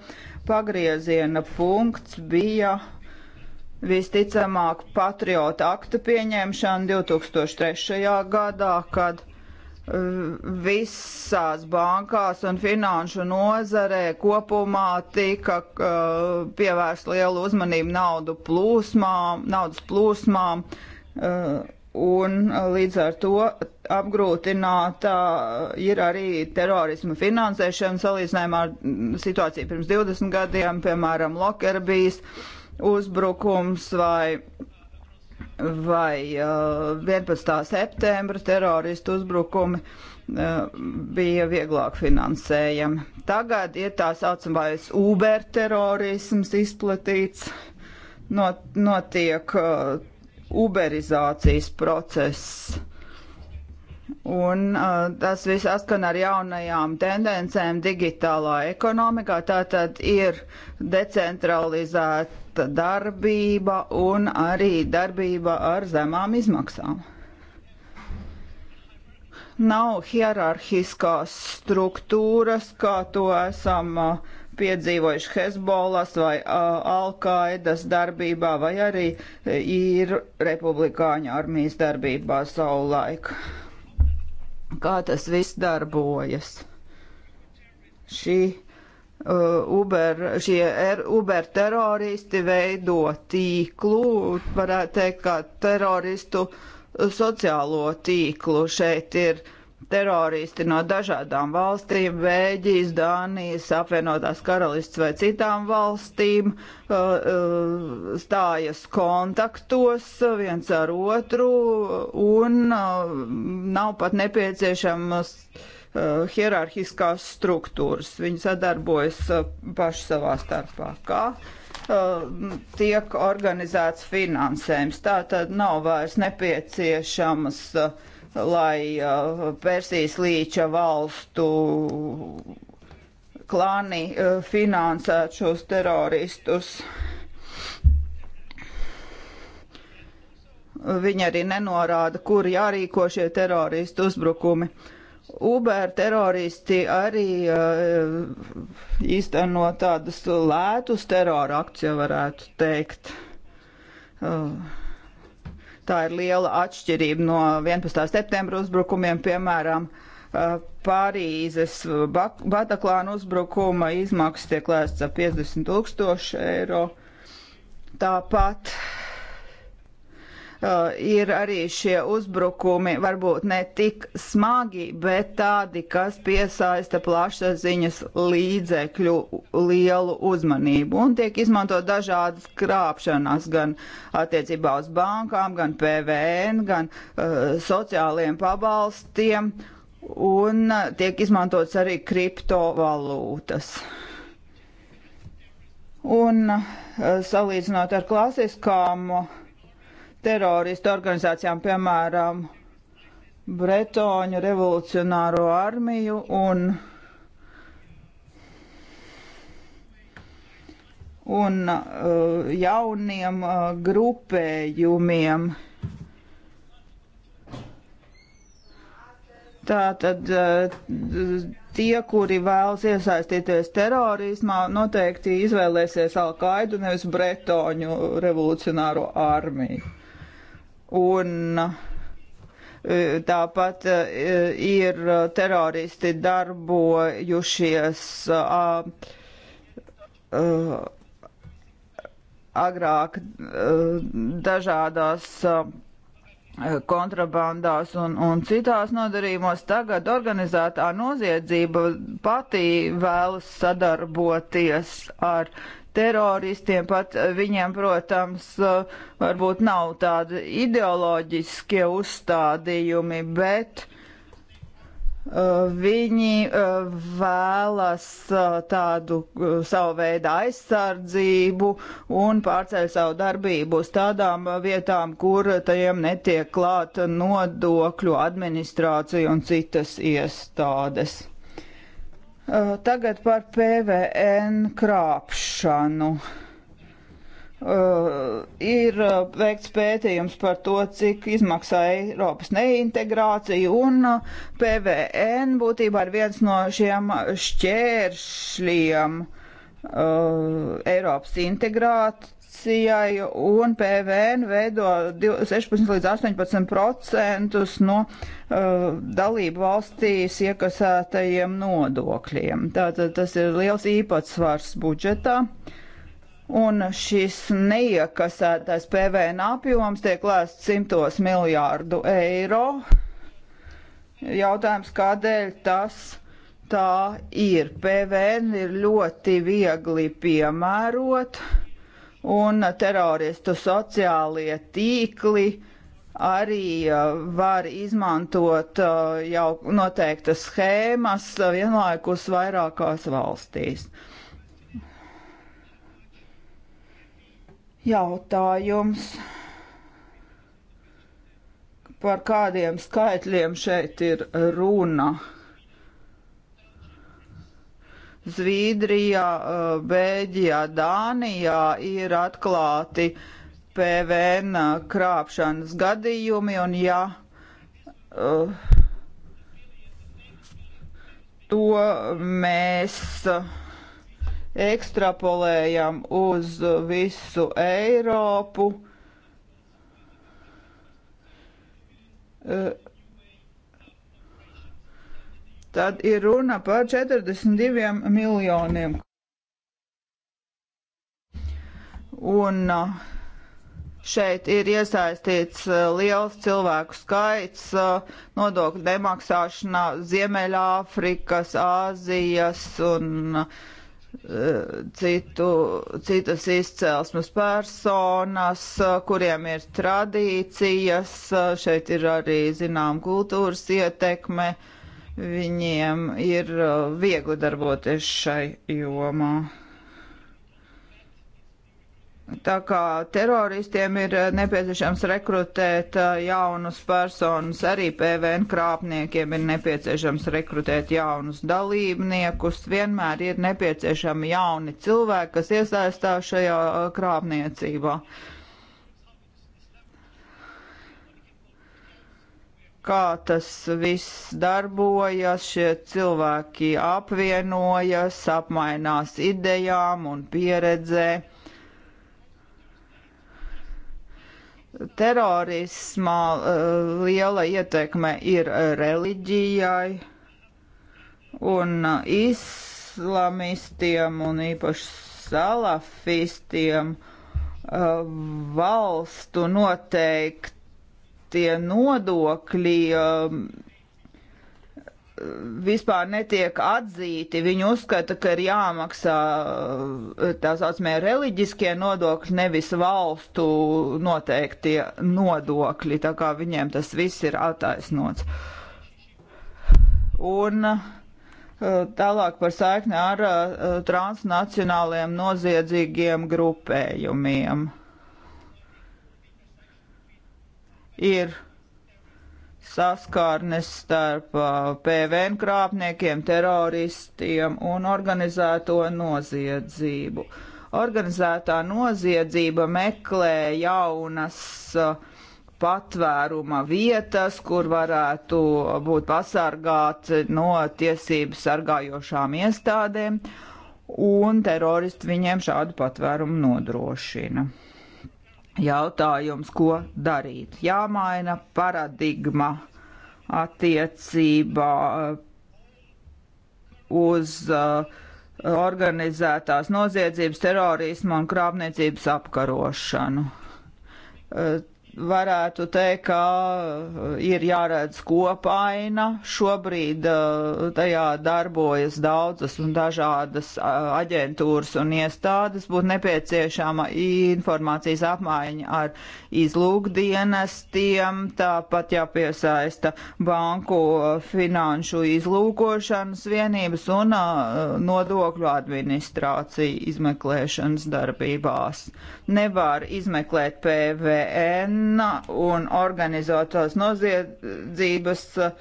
S3: Pagrieziena punkts bija visticamāk patriota akta pieņemšana 2003. gadā, kad visās bankās un finanšu nozarē kopumā tika uh, pievērsta liela uzmanība naudu plūsmām, naudas plūsmām uh, un līdz ar to apgrūtināta ir arī terorisma finansēšana salīdzinājumā ar situāciju pirms 20 gadiem, piemēram, Lokerbijas uzbrukums vai vai uh, 11. septembra teroristu uzbrukumi uh, bija vieglāk finansējami. Tagad ir tā saucamais Uber terorisms izplatīts, not, notiek uh, uberizācijas process. Un uh, tas viss atskan ar jaunajām tendencēm digitālā ekonomikā. Tā tad ir decentralizēta eksporta darbība un arī darbība ar zemām izmaksām. Nav hierarhiskās struktūras, kā to esam uh, piedzīvojuši Hezbollas vai uh, Alkaidas darbībā, vai arī uh, ir republikāņu armijas darbībā savulaik. Kā tas viss darbojas? Šī Uh, Uber, šie er, Uber teroristi veido tīklu, varētu teikt, kā teroristu sociālo tīklu. Šeit ir teroristi no dažādām valstīm, Vēģijas, Dānijas, apvienotās karalists vai citām valstīm, uh, uh, stājas kontaktos viens ar otru un nav pat nepieciešams Uh, hierarhiskās struktūras. Viņi sadarbojas uh, paši savā starpā. Kā uh, tiek organizēts finansējums. Tā tad nav vairs nepieciešamas, lai Persijas līča valstu klāni finansētu šos teroristus. Viņi arī nenorāda, kur jārīko šie teroristu uzbrukumi. Uh, Uber teroristi arī eh, īsteno uh, tādus lētus terora akciju, varētu teikt. Uh, tā ir liela atšķirība no 11. septembra uzbrukumiem, piemēram, uh, eh, Pārīzes Bataklāna uzbrukuma izmaksas tiek lēsts ap 50 tūkstoši eiro. Tāpat uh, Eh, ir arī šie uzbrukumi varbūt ne tik smagi, bet tādi, kas piesaista plašsaziņas līdzekļu lielu uzmanību un tiek izmantot dažādas krāpšanas gan attiecībā uz bankām, gan PVN, gan uh, sociāliem pabalstiem un tiek izmantots arī kriptovalūtas. Un eh, salīdzinot ar klasiskām uh, teroristu organizācijām, piemēram, Bretoņu revolucionāro armiju un, un uh, jauniem uh, grupējumiem. Tātad uh, tie, kuri vēlas iesaistīties terorismā, noteikti izvēlēsies Alkaidu, nevis Bretoņu revolucionāro armiju un e, Tāpat e, ir teroristi darbojušies e, agrāk dažādās kontrabandās un, un citās nodarījumos. Tagad organizētā noziedzība pati vēlas sadarboties ar teroristiem, pat eh, viņiem, protams, eh, varbūt nav tādi ideoloģiskie uzstādījumi, bet eh, viņi vēlas tādu savu veidu aizsardzību un pārceļ savu darbību uz tādām vietām, kur tajiem netiek klāta nodokļu administrācija un citas iestādes. Eh, tagad par PVN krāpšanu. Uh, ir eh, veikts pētījums par to, cik izmaksā Eiropas neintegrācija, un PVN būtībā ir viens no šiem šķēršļiem uh, Eiropas integrāt, korupcijai un PVN veido 16 līdz 18 procentus no uh, dalību valstīs iekasētajiem nodokļiem. Tātad tas ir liels īpatsvars budžetā. Un šis neiekasētais PVN apjoms tiek lēsts simtos miljārdu eiro. Jautājums, kādēļ tas tā ir? PVN ir ļoti viegli piemērot. Uh, un teroristu sociālie tīkli arī uh, var izmantot uh, jau noteiktas schēmas uh, vienlaikus vairākās valstīs. Jautājums par kādiem skaitļiem šeit ir runa? Zviedrijā, eh, Bēģijā, Dānijā ir atklāti PVN eh, krāpšanas gadījumi, un ja uh, to mēs ekstrapolējam uz visu Eiropu, uh, tad ir runa par 42 miljoniem. Un uh, šeit ir iesaistīts uh, liels cilvēku skaits uh, nodokļu nemaksāšanā Ziemeļāfrikas, Āzijas un citu, citas izcelsmes personas, kuriem ir tradīcijas, šeit ir arī, zinām, kultūras ietekme. Uh, Viņiem ir uh, viegli darboties šai jomā. Tā kā teroristiem ir uh, nepieciešams rekrutēt uh, jaunus personus, arī PVN krāpniekiem ir nepieciešams rekrutēt jaunus dalībniekus. Vienmēr ir nepieciešami jauni cilvēki, kas iesaistās šajā krāpniecībā. Uh, kā tas viss darbojas, šie cilvēki apvienojas, apmainās idejām un pieredzē. Terorismā eh, liela ietekme ir reliģijai un islamistiem un īpaši salafistiem eh, valstu noteikti uzliktie nodokļi um, vispār netiek atzīti. Viņi uzskata, ka ir jāmaksā uh, tā saucamie reliģiskie nodokļi, nevis valstu noteiktie nodokļi. Tā kā viņiem tas viss ir attaisnots. Un uh, tālāk par saikni ar uh, transnacionāliem noziedzīgiem grupējumiem. ir saskārnes starp PVN krāpniekiem, teroristiem un organizēto noziedzību. Organizētā noziedzība meklē jaunas patvēruma vietas, kur varētu būt pasargāti no tiesību sargājošām iestādēm, un teroristi viņiem šādu patvērumu nodrošina jautājums, ko darīt. Jāmaina paradigma attiecībā uh, uz uh, organizētās noziedzības, terorismu un krāpniecības apkarošanu uh, varētu teikt, ka uh, ir jāredz kopaina. Šobrīd uh, tajā darbojas daudzas un dažādas uh, aģentūras un iestādes. Būtu nepieciešama informācijas apmaiņa ar izlūkdienestiem, tāpat jāpiesaista banku finanšu izlūkošanas vienības un nodokļu administrāciju izmeklēšanas darbībās. Uh, nevar izmeklēt PVN un organizētās noziedzības uh,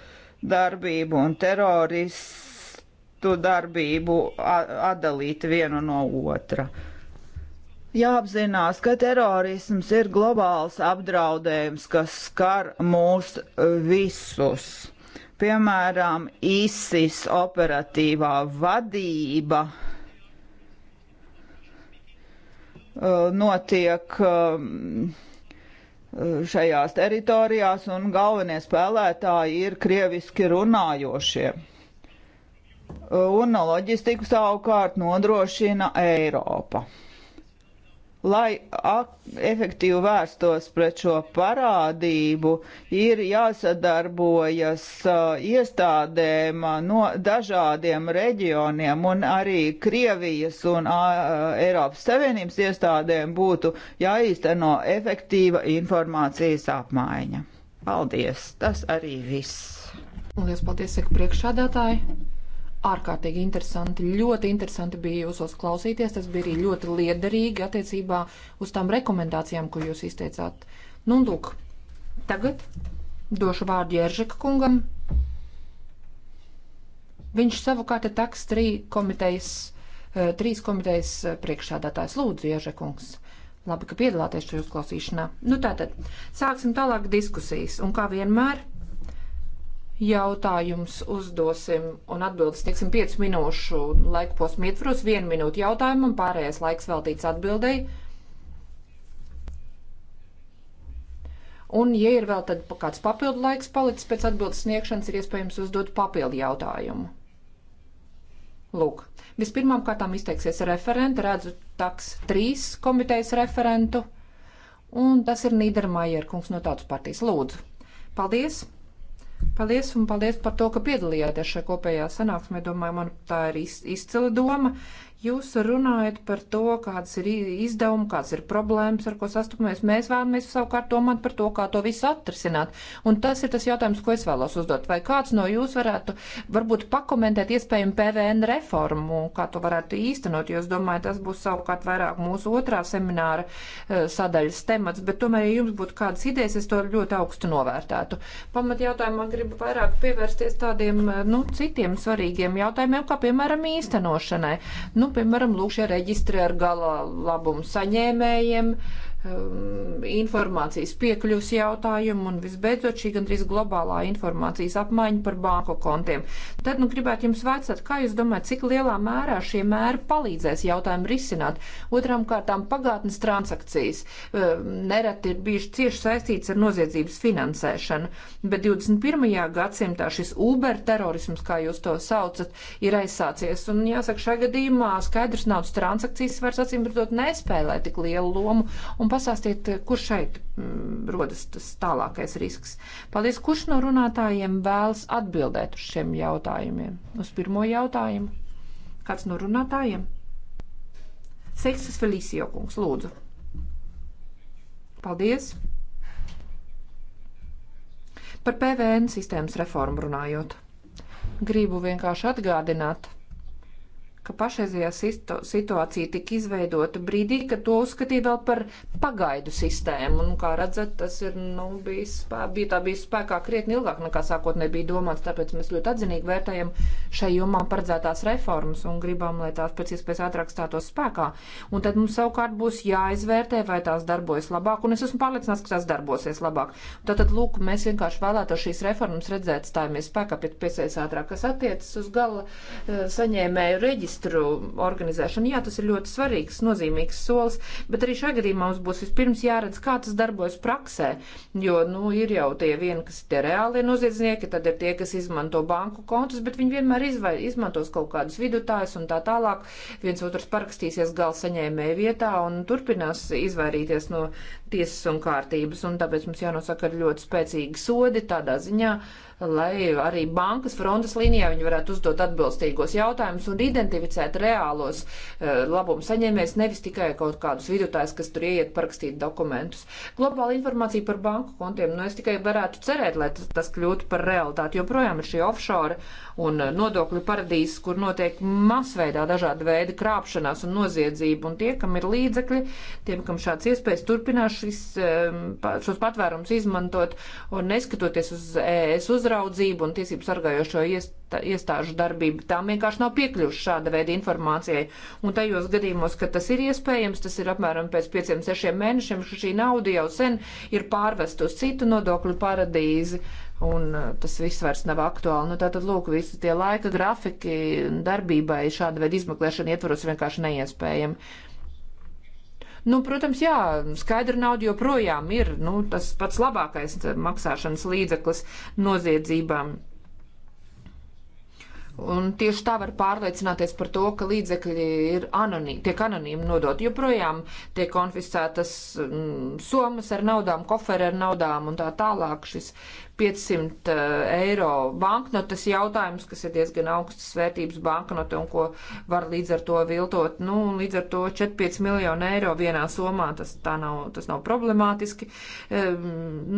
S3: darbību un teroristu darbību atdalīt vienu no otra. Jāapzinās, ka terorisms ir globāls apdraudējums, kas skar mūs visus. Piemēram, ISIS operatīvā vadība uh, Uh, notiek um, uh, šajās teritorijās, un galvenie spēlētāji ir krieviski runājošie. Uh, un loģistiku savukārt nodrošina Eiropa lai efektīvi vērstos pret šo parādību, ir jāsadarbojas uh, iestādēm uh, no dažādiem reģioniem un arī Krievijas un uh, Eiropas Savienības iestādēm būtu jāīsteno efektīva informācijas apmaiņa. Paldies! Tas arī
S1: viss! Lielas paldies, saka priekšādātāji! ārkārtīgi interesanti. Ļoti interesanti bija jūsos klausīties. Tas bija arī ļoti liederīgi attiecībā uz tām rekomendācijām, ko jūs izteicāt. Nu, lūk, tagad došu vārdu Jeržika kungam. Viņš savukārt ir taks trī komitejas, eh, trīs komitejas eh, priekšsādātājs. Lūdzu, Jeržika kungs. Labi, ka piedalāties šajā uzklausīšanā. Nu, tātad, sāksim tālāk diskusijas. Un kā vienmēr Jautājums uzdosim un atbildes tieksim 5 minūšu laika posmu ietvaros, 1 minūte jautājumam, pārējais laiks veltīts atbildēji. Un, ja ir vēl kāds papildu laiks palicis pēc atbildes sniegšanas, ir iespējams uzdot papildu jautājumu. Lūk, vispirmām kārtām izteiksies referenti, redzu taks trīs komitejas referentu, un tas ir Nīdermajer kungs no tautas partijas. Lūdzu, paldies! Paldies un paldies par to, ka piedalījāties šajā kopējā sanāksmē. Domāju, man tā ir iz, izcila doma. Jūs runājat par to, kādas ir izdevumi, kādas ir problēmas, ar ko sastopamies. Mēs vēlamies savukārt domāt par to, kā to visu atrisināt. Un tas ir tas jautājums, ko es vēlos uzdot. Vai kāds no jūs varētu varbūt pakomentēt iespējumu PVN reformu, kā to varētu īstenot, jo es domāju, tas būs savukārt vairāk mūsu otrā semināra eh, sadaļas temats, bet tomēr, ja jums būtu kādas idejas, es to ļoti augstu novērtētu. Pamat jautājumā gribu vairāk pievērsties tādiem, eh, nu, citiem svarīgiem jautājumiem, kā piemēram īstenošanai. Nu, piemēram, lūk, šie reģistri ar gala labumu saņēmējiem, Um, informācijas piekļuvs jautājumu un visbeidzot šī gandrīz globālā informācijas apmaiņa par banku kontiem. Tad, nu, gribētu jums vecāt, kā jūs domājat, cik lielā mērā šie mēri palīdzēs jautājumu risināt? Otram kārtām pagātnes transakcijas um, nereti ir bijuši cieši saistīts ar noziedzības finansēšanu, bet 21. gadsimtā šis Uber terorisms, kā jūs to saucat, ir aizsācies un jāsaka, šajā gadījumā skaidrs naudas transakcijas vairs acīm redzot nespēlē tik lielu lomu. Un pasāstiet, kur šeit mm, rodas tas tālākais risks. Paldies, kurš no runātājiem vēlas atbildēt uz šiem jautājumiem? Uz pirmo jautājumu. Kāds no runātājiem? Seksas Felīsijo kungs, lūdzu. Paldies. Par PVN sistēmas reformu runājot. Gribu vienkārši atgādināt, ka pašreizējā situācija tika izveidota brīdī, kad to uzskatīja vēl par pagaidu sistēmu. Un, kā redzat, tas ir, nu, bijis, bija tā bijis spēkā krietni ilgāk nekā sākotnēji bija domāts, tāpēc mēs ļoti atzinīgi vērtējam šai jomā paredzētās reformas un gribam, lai tās pēc iespējas ātrāk stātos spēkā. Un tad mums savukārt būs jāizvērtē, vai tās darbojas labāk, un es esmu pārliecināts, ka tās darbosies labāk. Tātad, lūk, mēs vienkārši vēlētos šīs reformas redzēt stājamies spēkā pēc pēc ātrāk, kas attiecas uz gala eh, saņēmēju reģistru semestru organizēšanu. Jā, tas ir ļoti svarīgs, nozīmīgs solis, bet arī šajā gadījumā mums būs vispirms jāredz, kā tas darbojas praksē, jo, nu, ir jau tie vieni, kas ir tie reālie noziedznieki, tad ir tie, kas izmanto banku kontus, bet viņi vienmēr izvai, izmantos kaut kādus vidutājus un tā tālāk. Viens otrs parakstīsies gala saņēmēja vietā un turpinās izvairīties no tiesas un kārtības, un tāpēc mums jānosaka ļoti spēcīgi sodi tādā ziņā, lai arī bankas frontes līnijā viņi varētu uzdot atbilstīgos jautājumus un identificēt reālos eh, labumu saņēmējus, nevis tikai kaut kādus vidutājus, kas tur ieiet parakstīt dokumentus. Globāla informācija par banku kontiem, nu es tikai varētu cerēt, lai tas, tas kļūtu par realitāti. Joprojām ir šie offshore un eh, nodokļu paradīzes, kur notiek masveidā dažāda veida krāpšanās un noziedzība, un tie, kam ir līdzekļi, tiem, kam šāds iespējas turpinās šis, eh, šos patvērumus izmantot, un neskatoties uz ES uz uzraudzību un tiesību sargājošo iestāžu darbību. Tām vienkārši nav piekļuvuši šāda veida informācijai. Un tajos gadījumos, kad tas ir iespējams, tas ir apmēram pēc pieciem, sešiem mēnešiem, ka šī nauda jau sen ir pārvest uz citu nodokļu paradīzi. Un uh, tas viss vairs nav aktuāli. Nu, tātad, lūk, visi tie laika grafiki darbībai šāda veida izmeklēšana ietvaros vienkārši neiespējami. Nu, protams, jā, skaidra nauda joprojām ir nu, tas pats labākais eh, maksāšanas līdzeklis noziedzībām. Un tieši tā var pārliecināties par to, ka līdzekļi ir anonīmi, tiek anonīmi nodot. Joprojām tiek konfiscētas mm, somas ar naudām, koferi ar naudām un tā tālāk. Šis 500 eh, eiro banknotes jautājums, kas ir diezgan augstas vērtības banknote un ko var līdz ar to viltot. Nu, līdz ar to 4-5 miljonu eiro vienā somā tas, nav, tas nav problemātiski.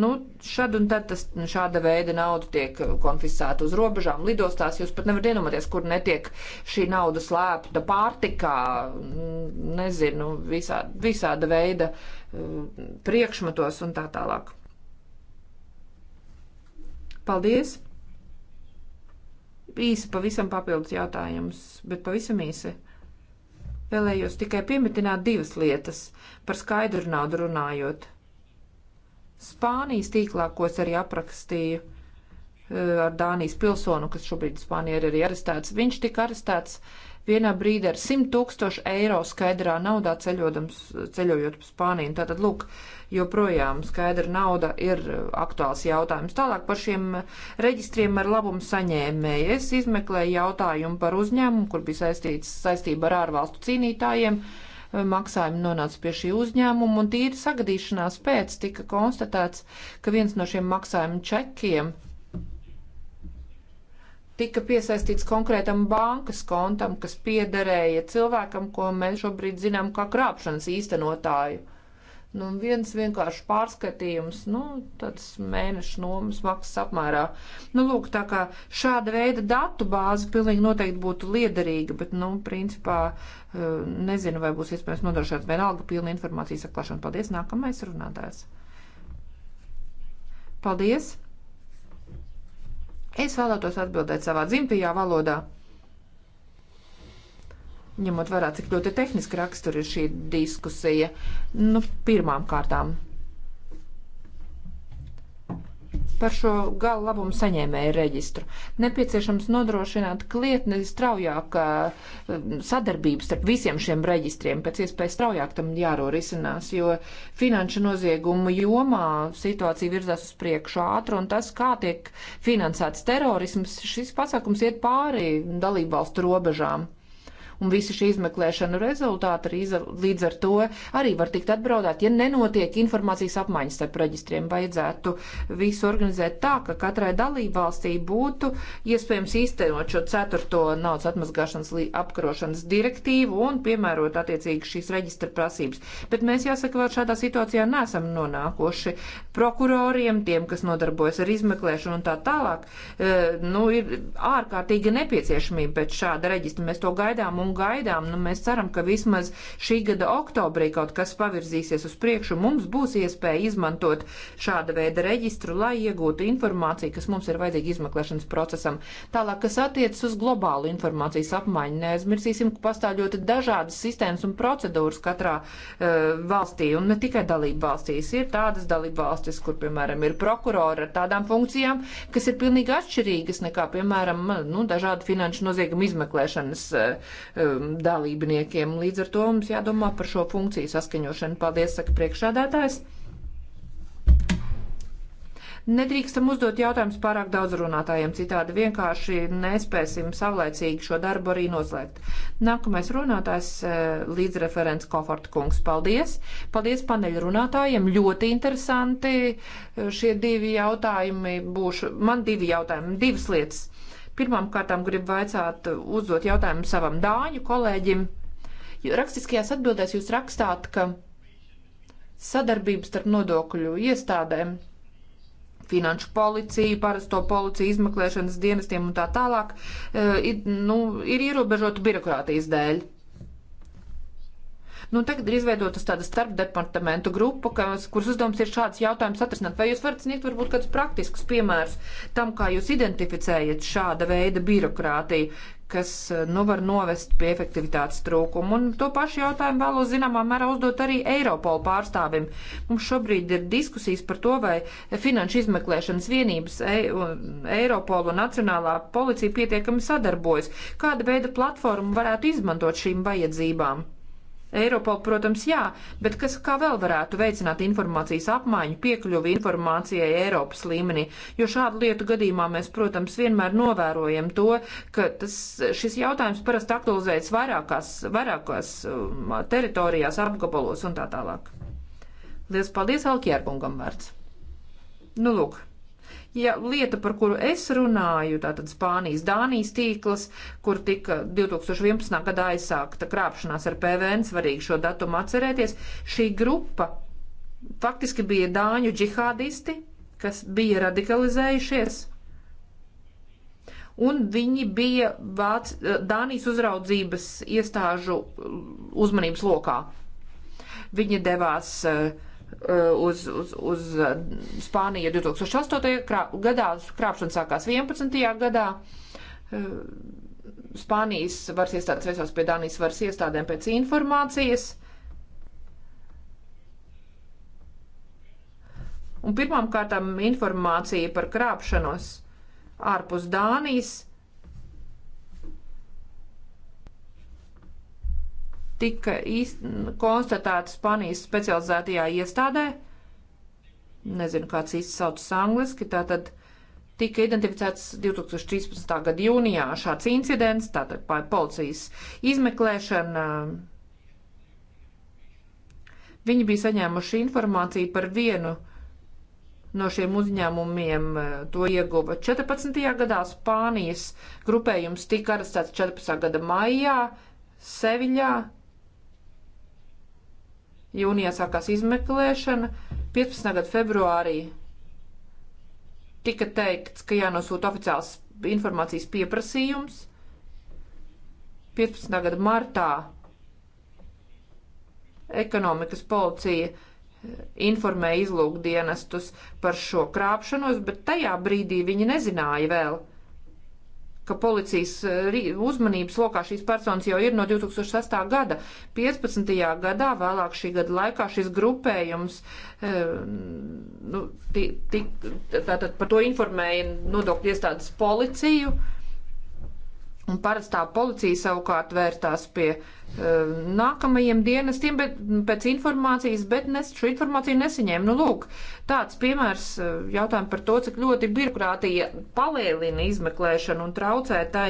S1: Nu, šad un tad tas, nu, šāda veida nauda tiek konfiscēta uz robežām. Lidostās jūs pat nevarat iedomāties, kur netiek šī nauda slēpta pārtikā, nezinu, visā, visāda veida eh, priekšmetos un tā tālāk. Paldies! Īsi pavisam papildus jautājums, bet pavisam īsi. Vēlējos tikai pieminēt divas lietas, par skaidru naudu runājot. Spānijas tīklākos arī aprakstīju eh, ar Dānijas pilsonu, kas šobrīd Spānijā ir arī arestēts. Viņš tika arestēts uh, vienā brīdī ar 100 tūkstošu eiro skaidrā naudā ceļodams, ceļojot pa Spāniju. Tātad, lūk, joprojām skaidra nauda ir uh, aktuāls jautājums. Tālāk par šiem reģistriem ar labumu saņēmēju. Es izmeklēju jautājumu par uzņēmumu, kur bija saistīts saistība ar ārvalstu cīnītājiem. Uh, maksājumi nonāca pie šī uzņēmuma, un tīri sagadīšanās pēc tika konstatēts, ka viens no šiem maksājumu čekiem uh, tika piesaistīts konkrētam bankas kontam, kas piederēja cilvēkam, ko mēs šobrīd zinām kā krāpšanas īstenotāju. Nu, viens vienkārši pārskatījums, nu, tāds mēneša nomas maksas apmērā. Nu, lūk, tā kā šāda veida datu bāze pilnīgi noteikti būtu liederīga, bet, nu, principā eh, nezinu, vai būs iespējams nodrošināt vienalga pilnu informācijas atklāšanu. Paldies, nākamais runātājs. Paldies! Es vēlētos atbildēt savā dzimtajā valodā. Ņemot vērā, cik ļoti tehniski rakstura ir šī diskusija, nu, pirmām kārtām par šo gala labumu saņēmēju reģistru. Nepieciešams nodrošināt klietni straujāk eh, sadarbības starp visiem šiem reģistriem, pēc iespējas straujāk tam jārorisinās, jo finanšu noziegumu jomā situācija virzās uz priekšu ātri un tas, kā tiek finansēts terorisms, šis pasākums iet pāri dalībvalstu robežām un visu šī izmeklēšanu rezultāti arī līdz ar to arī var tikt atbraudāt, ja nenotiek informācijas apmaiņas starp reģistriem. Vajadzētu visu organizēt tā, ka katrai dalībvalstī būtu iespējams īstenot šo ceturto naudas atmazgāšanas apkarošanas direktīvu un piemērot attiecīgi šīs reģistra prasības. Bet mēs jāsaka, vēl šādā situācijā nesam nonākoši. Prokuroriem, tiem, kas nodarbojas ar izmeklēšanu un tā tālāk, eh, nu, ir ārkārtīga nepieciešamība pēc šāda reģistra. Mēs to gaidām un un gaidām. Nu, mēs ceram, ka vismaz šī gada oktobrī kaut kas pavirzīsies uz priekšu. Mums būs iespēja izmantot šāda veida reģistru, lai iegūtu informāciju, kas mums ir vajadzīga izmeklēšanas procesam. Tālāk, kas attiecas uz globālu informācijas apmaiņu, neaizmirsīsim, ka pastāv ļoti dažādas sistēmas un procedūras katrā uh, valstī, un ne tikai dalību valstīs. Ir tādas dalību valstis, kur, piemēram, ir prokurori ar tādām funkcijām, kas ir pilnīgi atšķirīgas nekā, piemēram, nu, dažādu finanšu noziegumu izmeklēšanas uh, um, dalībniekiem. Līdz ar to mums jādomā par šo funkciju saskaņošanu. Paldies, saka priekšādātājs. Nedrīkstam uzdot jautājumus pārāk daudz runātājiem, citādi vienkārši nespēsim savlaicīgi šo darbu arī noslēgt. Nākamais runātājs uh, līdzreferents Koforta kungs. Paldies! Paldies paneļu runātājiem! Ļoti interesanti uh, šie divi jautājumi būšu. Man divi jautājumi, divas lietas. Pirmām kārtām gribu vaicāt, uzdot jautājumu savam dāņu kolēģim. Rakstiskajās atbildēs jūs rakstāt, ka sadarbības starp nodokļu iestādēm, finanšu policiju, parasto policiju, izmeklēšanas dienestiem un tā tālāk, eh, ir, nu, ir ierobežota birokrātijas dēļ. Nu, tagad ir izveidotas tāda starpdepartamentu grupa, kas, kuras uzdevums ir šāds jautājums atrisināt. Vai jūs varat sniegt varbūt kādus praktiskus piemērus tam, kā jūs identificējat šāda veida birokrātiju, kas, eh, nu, var novest pie efektivitātes trūkuma? Un to pašu jautājumu vēlos zināmā mērā uzdot arī Eiropola pārstāvim. Mums šobrīd ir diskusijas par to, vai finanšu izmeklēšanas vienības e, Eiropola un Nacionālā policija pietiekami sadarbojas. Kāda veida platforma varētu izmantot šīm vajadzībām? Eiropol, protams, jā, bet kas kā vēl varētu veicināt informācijas apmaiņu, piekļuvi informācijai Eiropas līmenī, jo šādu lietu gadījumā mēs, protams, vienmēr novērojam to, ka tas, šis jautājums parasti aktualizējas vairākās, vairākās um, teritorijās, apgabalos un tā tālāk. Lielas paldies Alkjērkungam vārds. Nu, lūk. Ja lieta, par kuru es runāju, tātad Spānijas Dānijas tīkls, kur tika 2011. gadā aizsākta krāpšanās ar PVN, svarīgi šo datumu atcerēties, šī grupa faktiski bija dāņu džihādisti, kas bija radikalizējušies un viņi bija Vāc, Dānijas uzraudzības iestāžu uzmanības lokā. Viņi devās uh, Uh, uz, uz, uz uh, Spāniju 2008. Krā, gadā, krāpšana sākās 11. gadā. Uh, Spānijas varas iestādes vērsās pie Dānijas varas iestādēm pēc informācijas. Un pirmām kārtām informācija par krāpšanos ārpus Dānijas tika īst, konstatēta Spānijas specializētajā iestādē, nezinu, kāds izsaucas angliski, tātad tika identificēts 2013. gada jūnijā šāds incidents, tātad policijas izmeklēšana. Viņi bija saņēmuši informāciju par vienu no šiem uzņēmumiem to ieguva 14. gadā. Spānijas grupējums tika arestēts 14. gada maijā Seviļā. Jūnijā sākās izmeklēšana, 15. gada februārī tika teikts, ka jānosūta oficiāls informācijas pieprasījums. 15. gada martā ekonomikas policija eh, informēja izlūkdienestus par šo krāpšanos, bet tajā brīdī viņi nezināja vēl, ka policijas eh, uzmanības lokā šīs personas jau ir no 2006. gada. 15. gadā, vēlāk šī gada laikā, šis grupējums eh, nu, tik, tātad par to informēja nodokļu iestādes policiju. Un parastā policija savukārt vērtās pie uh, nākamajiem dienestiem bet, pēc informācijas, bet nes, šo informāciju nesaņēma. Nu, lūk, tāds piemērs uh, eh, jautājumu par to, cik ļoti birokrātija palielina izmeklēšanu un traucē tai.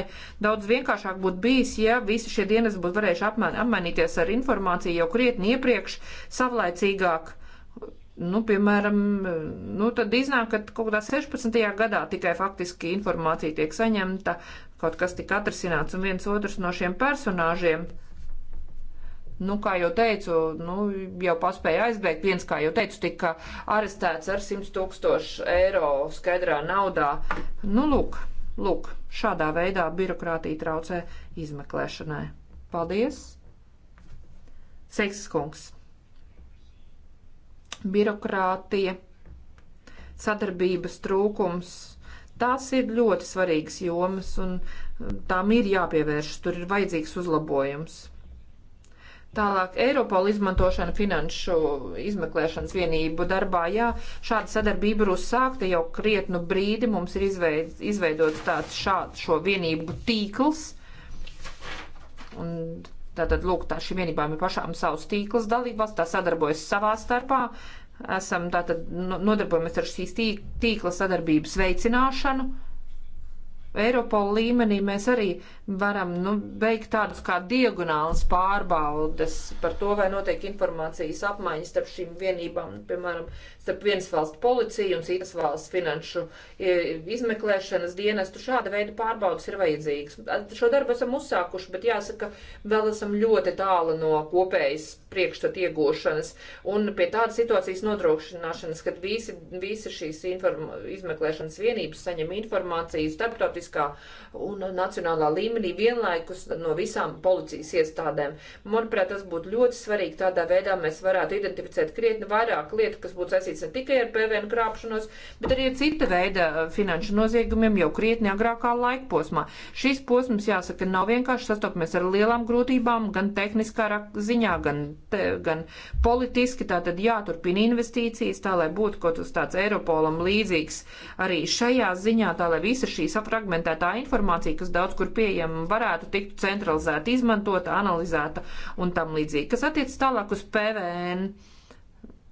S1: Daudz vienkāršāk būtu bijis, ja visi šie dienesti būtu varējuši apmain, apmainīties ar informāciju jau krietni iepriekš, savlaicīgāk nu, piemēram, nu, tad iznāk, ka kaut kādā 16. gadā tikai faktiski informācija tiek saņemta kaut kas tika atrasināts, un viens otrs no šiem personāžiem, nu, kā jau teicu, nu, jau paspēja aizbēgt, viens, kā jau teicu, tika arestēts ar 100 tūkstošu eiro skaidrā naudā. Nu, lūk, lūk, šādā veidā birokrātija traucē izmeklēšanai. Paldies! Seiks kungs! Birokrātija, sadarbības trūkums Tās ir ļoti svarīgas jomas, un um, tām ir jāpievēršas, tur ir vajadzīgs uzlabojums. Tālāk, Eiropola izmantošana finanšu izmeklēšanas vienību darbā, jā, šāda sadarbība ir uzsākta jau krietnu brīdi, mums ir izveid, izveidots tāds šāds šo vienību tīkls, un tātad, lūk, tā šīm vienībām ir pašām savs tīkls dalībās, tā sadarbojas savā starpā, uh, Esam tātad nodarbojamies ar šīs tīkla sadarbības veicināšanu Eiropola līmenī mēs arī varam nu, veikt tādas kā diagonālas pārbaudes par to, vai notiek informācijas apmaiņa starp šīm vienībām, piemēram, starp vienas valsts policiju un citas valsts finanšu e, izmeklēšanas dienestu. Šāda veida pārbaudes ir vajadzīgas. Šo darbu esam uzsākuši, bet jāsaka, vēl esam ļoti tālu no kopējas priekšstata iegūšanas un pie tādas situācijas nodrošināšanas, kad visi, visi šīs informa, izmeklēšanas vienības saņem informāciju starptautiski starptautiskā un nacionālā līmenī vienlaikus no visām policijas iestādēm. Manuprāt, tas būtu ļoti svarīgi. Tādā veidā mēs varētu identificēt krietni vairāk lietu, kas būtu saistīts ne tikai ar PVN krāpšanos, bet arī ar cita veida uh, finanšu noziegumiem jau krietni agrākā laika posmā. Šis posms, jāsaka, nav vienkārši sastopamies ar lielām grūtībām, gan tehniskā ziņā, gan, te, gan politiski. Tātad jāturpina investīcijas, tā lai būtu kaut kas tāds Eiropolam līdzīgs arī šajā ziņā, tā lai visa šī sapragmentēšanās fragmentētā informācija, kas daudz kur pieejama, varētu tikt centralizēta, izmantota, analizēta un tam līdzīgi. Kas attiec tālāk uz PVN?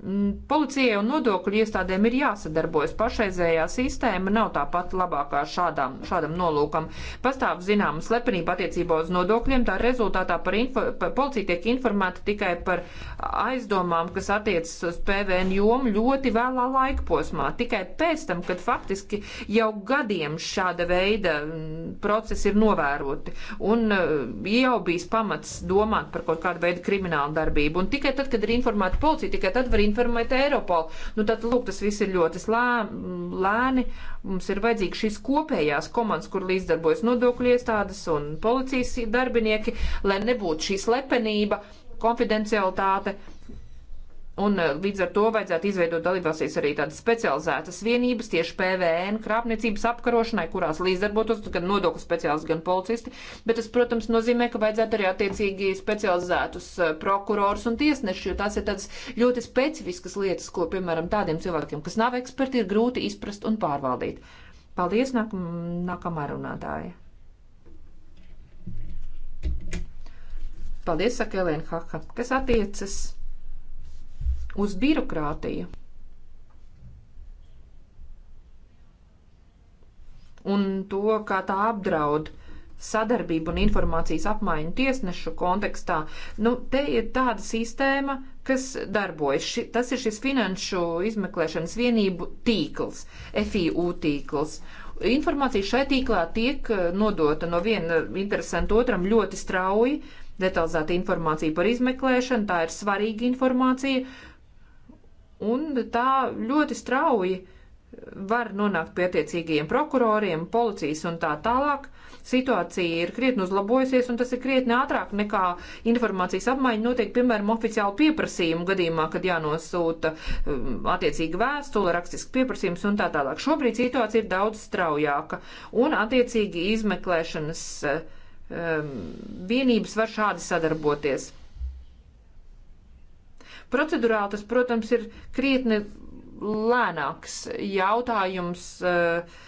S1: Mm, policijai un nodokļu iestādēm ir jāsadarbojas. Pašreizējā sistēma nav tāpat labākā šādām, šādam nolūkam. Pastāv zināma slepenība attiecībā uz nodokļiem, tā rezultātā par info, par policija tiek informēta tikai par aizdomām, kas attiecas uz PVN jomu ļoti vēlā laika posmā. Tikai pēc tam, kad faktiski jau gadiem šāda veida mm, procesi ir novēroti un mm, jau bijis pamats domāt par kaut kādu veidu kriminālu darbību. Un tikai tad, kad ir informēta policija, tikai tad var informēt Eiropolu. Nu, tad, lūk, tas viss ir ļoti slā, lēni. Mums ir vajadzīgs šīs kopējās komandas, kur līdzdarbojas nodokļu iestādes un policijas darbinieki, lai nebūtu šī slepenība, konfidencialitāte Un eh, līdz ar to vajadzētu izveidot dalībvalstīs arī tādas specializētas vienības tieši PVN krāpniecības apkarošanai, kurās līdzdarbotos gan nodokļu speciālisti, gan policisti. Bet tas, protams, nozīmē, ka vajadzētu arī attiecīgi specializētus eh, prokurors un tiesneši, jo tās ir tādas ļoti specifiskas lietas, ko, piemēram, tādiem cilvēkiem, kas nav eksperti, ir grūti izprast un pārvaldīt. Paldies, nāk, nākamā runātāja. Paldies, saka Elēna Haka, kas attiecas uz birokrātiju. Un to, kā tā apdraud sadarbību un informācijas apmaiņu tiesnešu kontekstā, nu, te ir tāda sistēma, kas darbojas. Ši, tas ir šis finanšu izmeklēšanas vienību tīkls, FIU tīkls informācija šai tīklā tiek eh, nodota no viena interesanta otram ļoti strauji. Detalizēta informācija par izmeklēšanu, tā ir svarīga informācija, un tā ļoti strauji var nonākt pie attiecīgajiem prokuroriem, policijas un tā tālāk. Situācija ir krietni uzlabojusies, un tas ir krietni ātrāk nekā informācijas apmaiņa notiek, piemēram, oficiālu pieprasījumu gadījumā, kad jānosūta um, attiecīga vēstule, rakstisks pieprasījums un tā tālāk. Šobrīd situācija ir daudz straujāka, un attiecīgi izmeklēšanas um, vienības var šādi sadarboties. Procedurāli tas, protams, ir krietni lēnāks jautājums. Eh,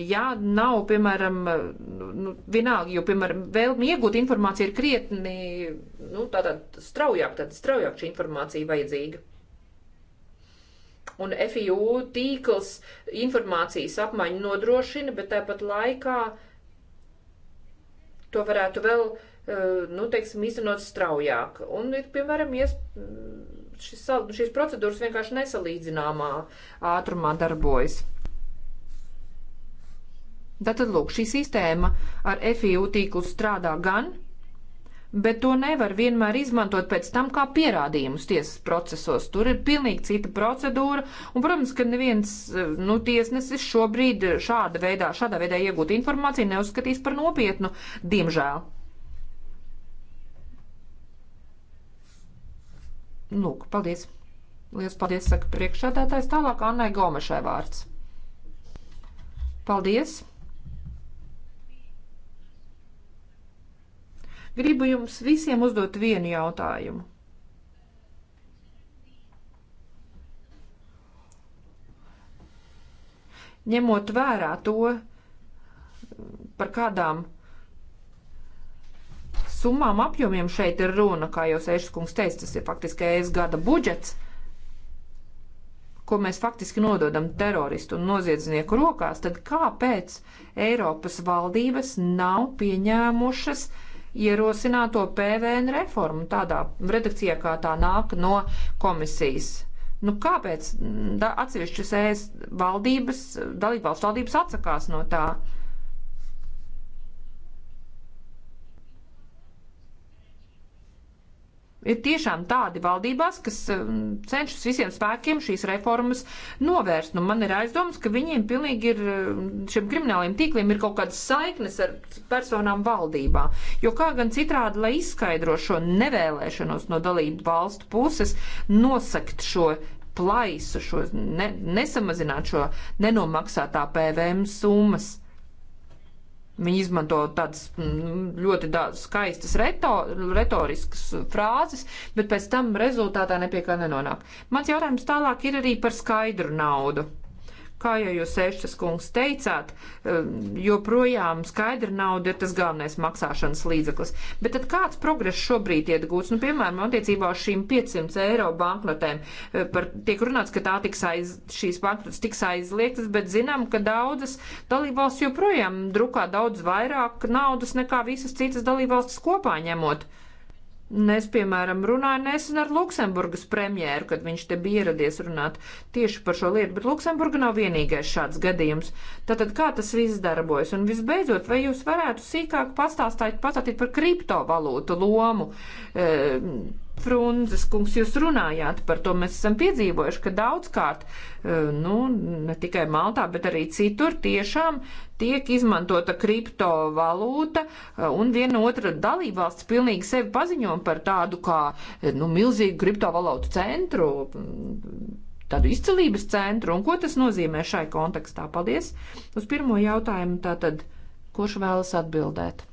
S1: Jā, nav, piemēram, nu, vienalga, jo, piemēram, vēlmi iegūt informāciju ir krietni, nu, tādā straujāk, tad straujāk šī informācija vajadzīga. Un FIU tīkls informācijas apmaiņu nodrošina, bet tāpat laikā to varētu vēl, eh, nu, teiksim, īstenot straujāk. Un ir, piemēram, iespējams šis, šīs procedūras vienkārši nesalīdzināmā ātrumā darbojas. Tātad, lūk, šī sistēma ar FIU tīklu strādā gan, bet to nevar vienmēr izmantot pēc tam kā pierādījumus tiesas procesos. Tur ir pilnīgi cita procedūra, un, protams, ka neviens, nu, tiesnesis šobrīd šāda veidā, šādā veidā iegūt informāciju neuzskatīs par nopietnu, diemžēl. Lūk, paldies. Lielas paldies, saka priekšsādātājs. Tālāk Annai Gomešai vārds. Paldies! Gribu jums visiem uzdot vienu jautājumu. Ņemot vērā to, par kādām summām apjomiem šeit ir runa, kā jau Sēšas kungs teica, tas ir faktiski ES gada budžets, ko mēs faktiski nododam teroristu un noziedznieku rokās, tad kāpēc Eiropas valdības nav pieņēmušas ierosināto PVN reformu tādā redakcijā, kā tā nāk no komisijas? Nu, kāpēc atsevišķas ES valdības, dalībvalsts valdības atsakās no tā? Ir tiešām tādi valdībās, kas um, cenšas visiem spēkiem šīs reformas novērst. Nu, man ir aizdoms, ka viņiem pilnīgi ir, um, šiem krimināliem tīkliem ir kaut kādas saiknes ar personām valdībā. Jo kā gan citādi, lai izskaidro šo nevēlēšanos no dalību valstu puses, nosakt šo plaisu, šo ne, nesamazināt šo nenomaksātā PVM summas. Viņi izmanto tādas mm, ļoti tādas skaistas reto, retoriskas frāzes, bet pēc tam rezultātā nepie kā nenonāk. Mans jautājums tālāk ir arī par skaidru naudu. Kā jau jūs sešas kungs teicāt, eh, joprojām skaidra nauda ir tas galvenais maksāšanas līdzeklis. Bet tad kāds progress šobrīd iet gūts? Nu, piemēram, attiecībā uz šīm 500 eiro banknotēm eh, par, tiek runāts, ka tā tiks aiz, šīs banknotes tiks aizliegtas, bet zinām, ka daudzas dalībvalsts joprojām drukā daudz vairāk naudas nekā visas citas dalībvalstis kopā ņemot. Uh, Es, piemēram, runāju nesen ar Luksemburgas premjēru, kad viņš te bija ieradies runāt tieši par šo lietu, bet Luksemburga nav vienīgais šāds gadījums. Tātad, kā tas viss darbojas? Un visbeidzot, vai jūs varētu sīkāk pastāstīt, pastāstīt par kriptovalūtu lomu? E, Frunzes kungs, jūs runājāt par to. Mēs esam piedzīvojuši, ka daudzkārt, e, nu, ne tikai Maltā, bet arī citur tiešām tiek izmantota kriptovalūta, e, un viena otra dalībvalsts pilnīgi sevi paziņo par tādu kā, e, nu, milzīgu kriptovalūtu centru, tādu izcilības centru, un ko tas nozīmē šai kontekstā? Paldies! Uz pirmo jautājumu tātad, kurš vēlas atbildēt?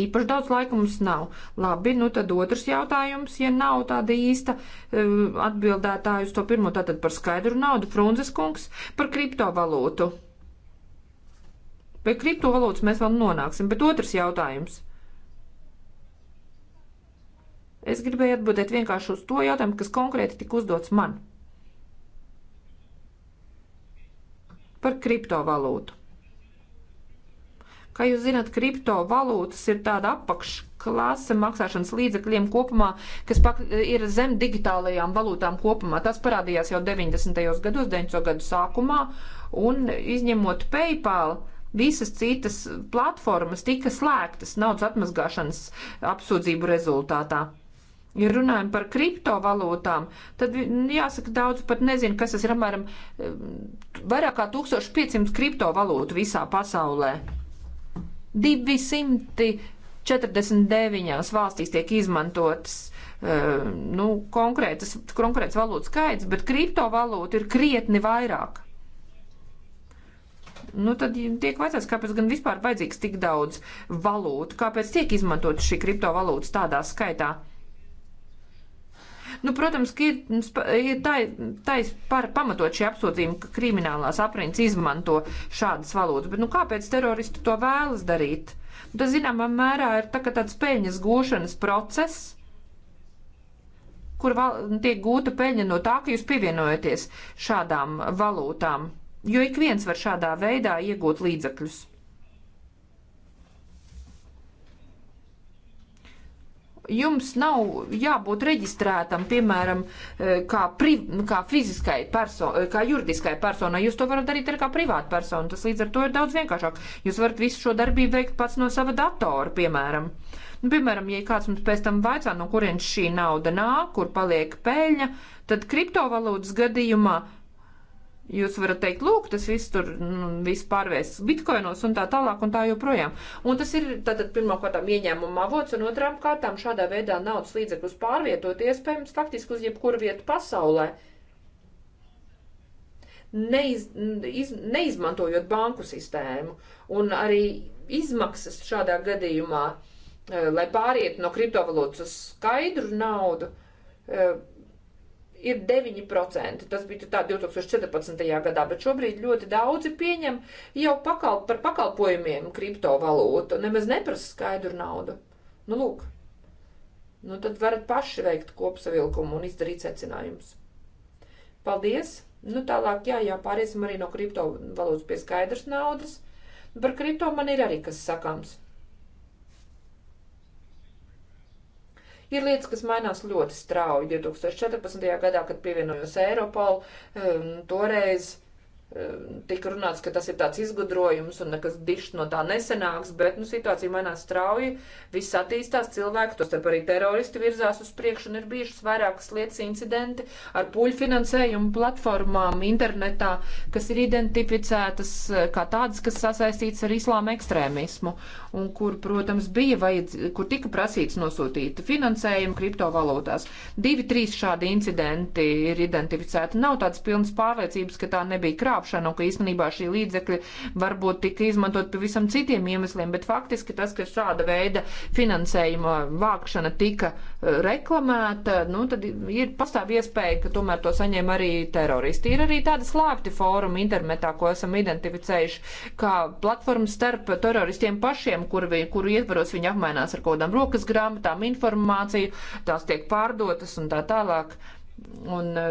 S1: Īpaši daudz laika mums nav. Labi, nu tad otrs jautājums, ja nav tāda īsta e, atbildētāja uz to pirmo, tātad par skaidru naudu, Frunzes kungs, par kriptovalūtu. Pie kriptovalūtas mēs vēl nonāksim, bet otrs jautājums. Es gribēju atbildēt vienkārši uz to jautājumu, kas konkrēti tika uzdots man. Par kriptovalūtu. Kā jūs zināt, kriptovalūtas ir tāda apakšklāsa maksāšanas līdzekļiem kopumā, kas pak, ir zem digitālajām valūtām kopumā. Tas parādījās jau 90. gados, 90. gadu sākumā, un izņemot PayPal. Visas citas platformas tika slēgtas naudas atmazgāšanas apsūdzību rezultātā. Ja runājam par kriptovalūtām, tad jāsaka, daudz pat nezinu, kas tas ir apmēram eh, vairāk kā 1500 kriptovalūtu visā pasaulē. 249 valstīs tiek izmantotas eh, nu, konkrētas, konkrēts valūtas skaits, bet kriptovalūta ir krietni vairāk. Nu, tad tiek vajadzēts, kāpēc gan vispār vajadzīgs tik daudz valūtu, kāpēc tiek izmantot šī kriptovalūtas tādā skaitā. Nu, protams, ka ir, nu, ir tais par pamatot šie apsūdzījumi, ka kriminālās apriņas izmanto šādas valūtas, bet nu kāpēc teroristi to vēlas darīt? Nu, tas, zināmā mērā, ir tā, tāds peļņas gūšanas process, kur val, nu, tiek gūta peļņa no tā, ka jūs pievienojaties šādām valūtām, jo ik viens var šādā veidā iegūt līdzekļus. jums nav jābūt reģistrētam, piemēram, eh, kā, pri, kā fiziskai personai, eh, kā juridiskai personai. Jūs to varat darīt arī kā privāta persona. Tas līdz ar to ir daudz vienkāršāk. Jūs varat visu šo darbību veikt pats no sava datora, piemēram. Nu, piemēram, ja kāds mums pēc tam vaicā, no kurienes šī nauda nāk, kur paliek peļņa, tad kriptovalūtas gadījumā Jūs varat teikt, lūk, tas viss tur nu, viss pārvērsts bitkoinos un tā tālāk un tā joprojām. Un tas ir tātad pirmkārtām ieņēmuma avots un otrām kārtām šādā veidā naudas līdzekļus pārvietot iespējams faktiski uz jebkuru vietu pasaulē, neiz, iz, neizmantojot banku sistēmu un arī izmaksas šādā gadījumā, eh, lai pāriet no kriptovalūtas uz skaidru naudu eh, ir 9%. Tas bija tā 2014. gadā, bet šobrīd ļoti daudzi pieņem jau pakal, par pakalpojumiem kriptovalūtu, nemaz neprasa skaidru naudu. Nu, lūk, nu tad varat paši veikt kopsavilkumu un izdarīt secinājumus. Paldies! Nu, tālāk, jā, jā, pāriesim arī no kriptovalūtas pie skaidras naudas. Par kripto man ir arī kas sakāms. Ir lietas, kas mainās ļoti strauji. 2014. gadā, kad pievienojos Eiropolu, um, toreiz tika runāts, ka tas ir tāds izgudrojums un nekas dišs no tā nesenāks, bet, nu, situācija mainās strauji, viss attīstās cilvēki, tos starp arī teroristi virzās uz priekšu un ir bijušas vairākas lietas incidenti ar puļu finansējumu platformām internetā, kas ir identificētas eh, kā tādas, kas sasaistīts ar islāma ekstrēmismu un kur, protams, bija vajadz, kur tika prasīts nosūtīt finansējumu kriptovalūtās. Divi, trīs šādi incidenti ir identificēti. Nav tādas pilnas pārliecības, ka tā nebija krāpšana krāpšanu, ka īstenībā šī līdzekļa varbūt tika izmantot pavisam citiem iemesliem, bet faktiski tas, ka šāda veida finansējuma vākšana tika e, reklamēta, nu, tad ir pastāv iespēja, ka tomēr to saņem arī teroristi. Ir arī tādi slēpti fórumi internetā, ko esam identificējuši, kā platformas starp teroristiem pašiem, kur vi, kuru ietvaros viņi apmainās ar kaut kādām rokas grāmatām, informāciju, tās tiek pārdotas un tā tālāk. Un e,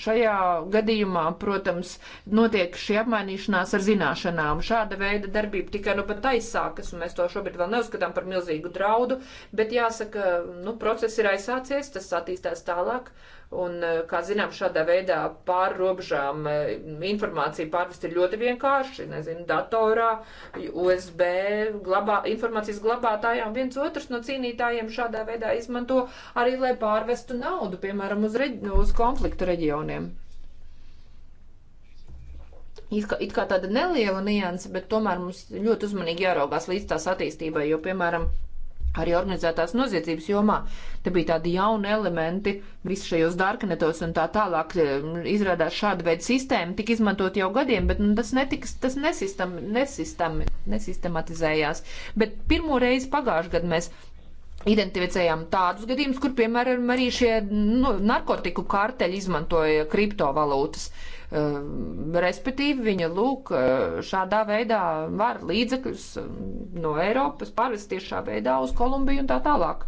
S1: šajā gadījumā, protams, notiek šī apmainīšanās ar zināšanām. Šāda veida darbība tikai nu pat aizsākas, un mēs to šobrīd vēl neuzskatām par milzīgu draudu, bet jāsaka, nu, process ir aizsācies, tas attīstās tālāk, Un, eh, kā zinām, šādā veidā pār robežām eh, informāciju pārvest ir ļoti vienkārši. Nezinu, datorā, USB glabā, informācijas glabātājām viens otrs no cīnītājiem šādā veidā izmanto arī, lai pārvestu naudu, piemēram, uz, reģi, uz konfliktu reģioniem. It kā, it kā tāda neliela nianse, bet tomēr mums ļoti uzmanīgi jāraugās līdz tās attīstībai, jo, piemēram, arī organizētās noziedzības jomā. Te bija tādi jauni elementi, visi šajos darknetos un tā tālāk. E, izrādās šāda veida sistēma tika izmantot jau gadiem, bet nu, tas, netika, tas nesistam, nesistam, nesistematizējās. Bet pirmo reizi pagājušajā gadā mēs identificējām tādus gadījumus, kur, piemēram, arī šie nu, narkotiku kārteļi izmantoja kriptovalūtas. Uh, Ehm, respektīvi, viņa lūk e, šādā veidā var līdzekļus no Eiropas pārvest tiešā veidā uz Kolumbiju un tā tālāk.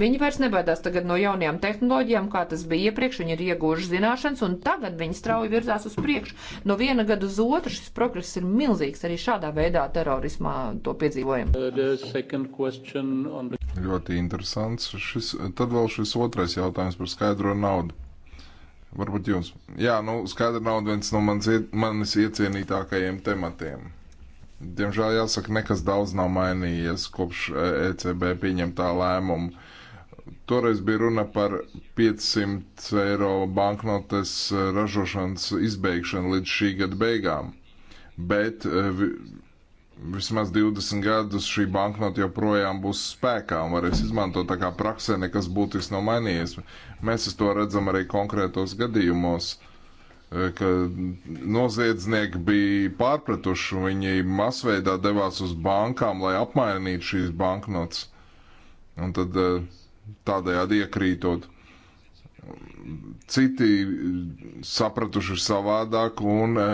S1: Viņi vairs nebaidās tagad no jaunajām tehnoloģijām, kā tas bija iepriekš. Viņi ir ieguvuši zināšanas, un tagad viņi strauji virzās uz priekšu. No viena gada uz otru šis progress ir milzīgs. Arī šādā veidā terorismā to piedzīvojam. Uh,
S2: the... Ļoti interesants. Šis, tad vēl šis otrais jautājums par skaidro naudu. Varbūt jūs. Jā, nu, skaidri nav viens no manis, manis iecienītākajiem tematiem. Diemžēl jāsaka, nekas daudz nav mainījies kopš ECB e pieņemtā lēmuma. Toreiz bija runa par 500 eiro banknotes e, ražošanas izbeigšanu līdz šī gada beigām, bet e, vismaz 20 gadus šī banknota joprojām būs spēkā un varēs izmantot tā kā praksē, nekas būtiski nav mainījies. Mēs to redzam arī konkrētos gadījumos, eh, ka noziedznieki bija pārpratuši, viņi masveidā devās uz bankām, lai apmainītu šīs banknotas. Un tad eh, tādējādi iekrītot citi sapratuši savādāk un e,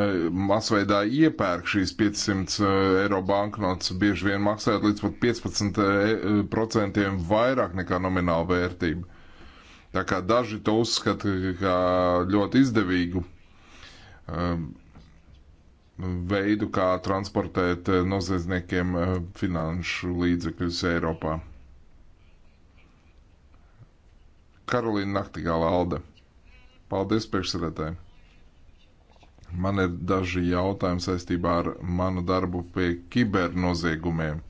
S2: masveidā iepērk šīs 500 e, eiro banknotes, bieži vien maksājot līdz pat 15% e, vairāk nekā nomināla vērtība. Tā kā daži to uzskata kā ļoti izdevīgu um, veidu, kā transportēt noziedzniekiem finanšu līdzekļus Eiropā. Karolīna Naktigāla Alde. Paldies priekšsēdētāji. Man ir daži jautājumi saistībā ar manu darbu pie kibernoziegumiem.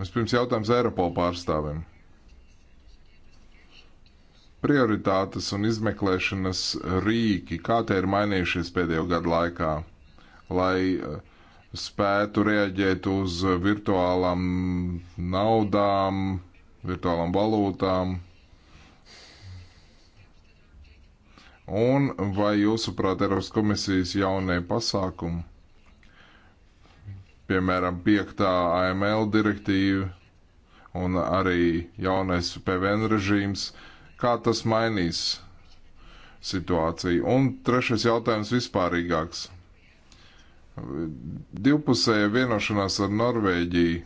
S2: Vispirms jautājums Eiropola pārstāvim. Prioritātes un izmeklēšanas rīki, kā tie ir mainījušies pēdējo gadu laikā, lai uh, spētu reaģēt uz virtuālām naudām, virtuālām valūtām. Un vai jūsuprāt Eiropas komisijas jaunie pasākumi, piemēram, 5. AML direktīva un arī jaunais PVN režīms, kā tas mainīs situāciju? Un trešais jautājums vispārīgāks. Divpusēja vienošanās ar Norvēģiju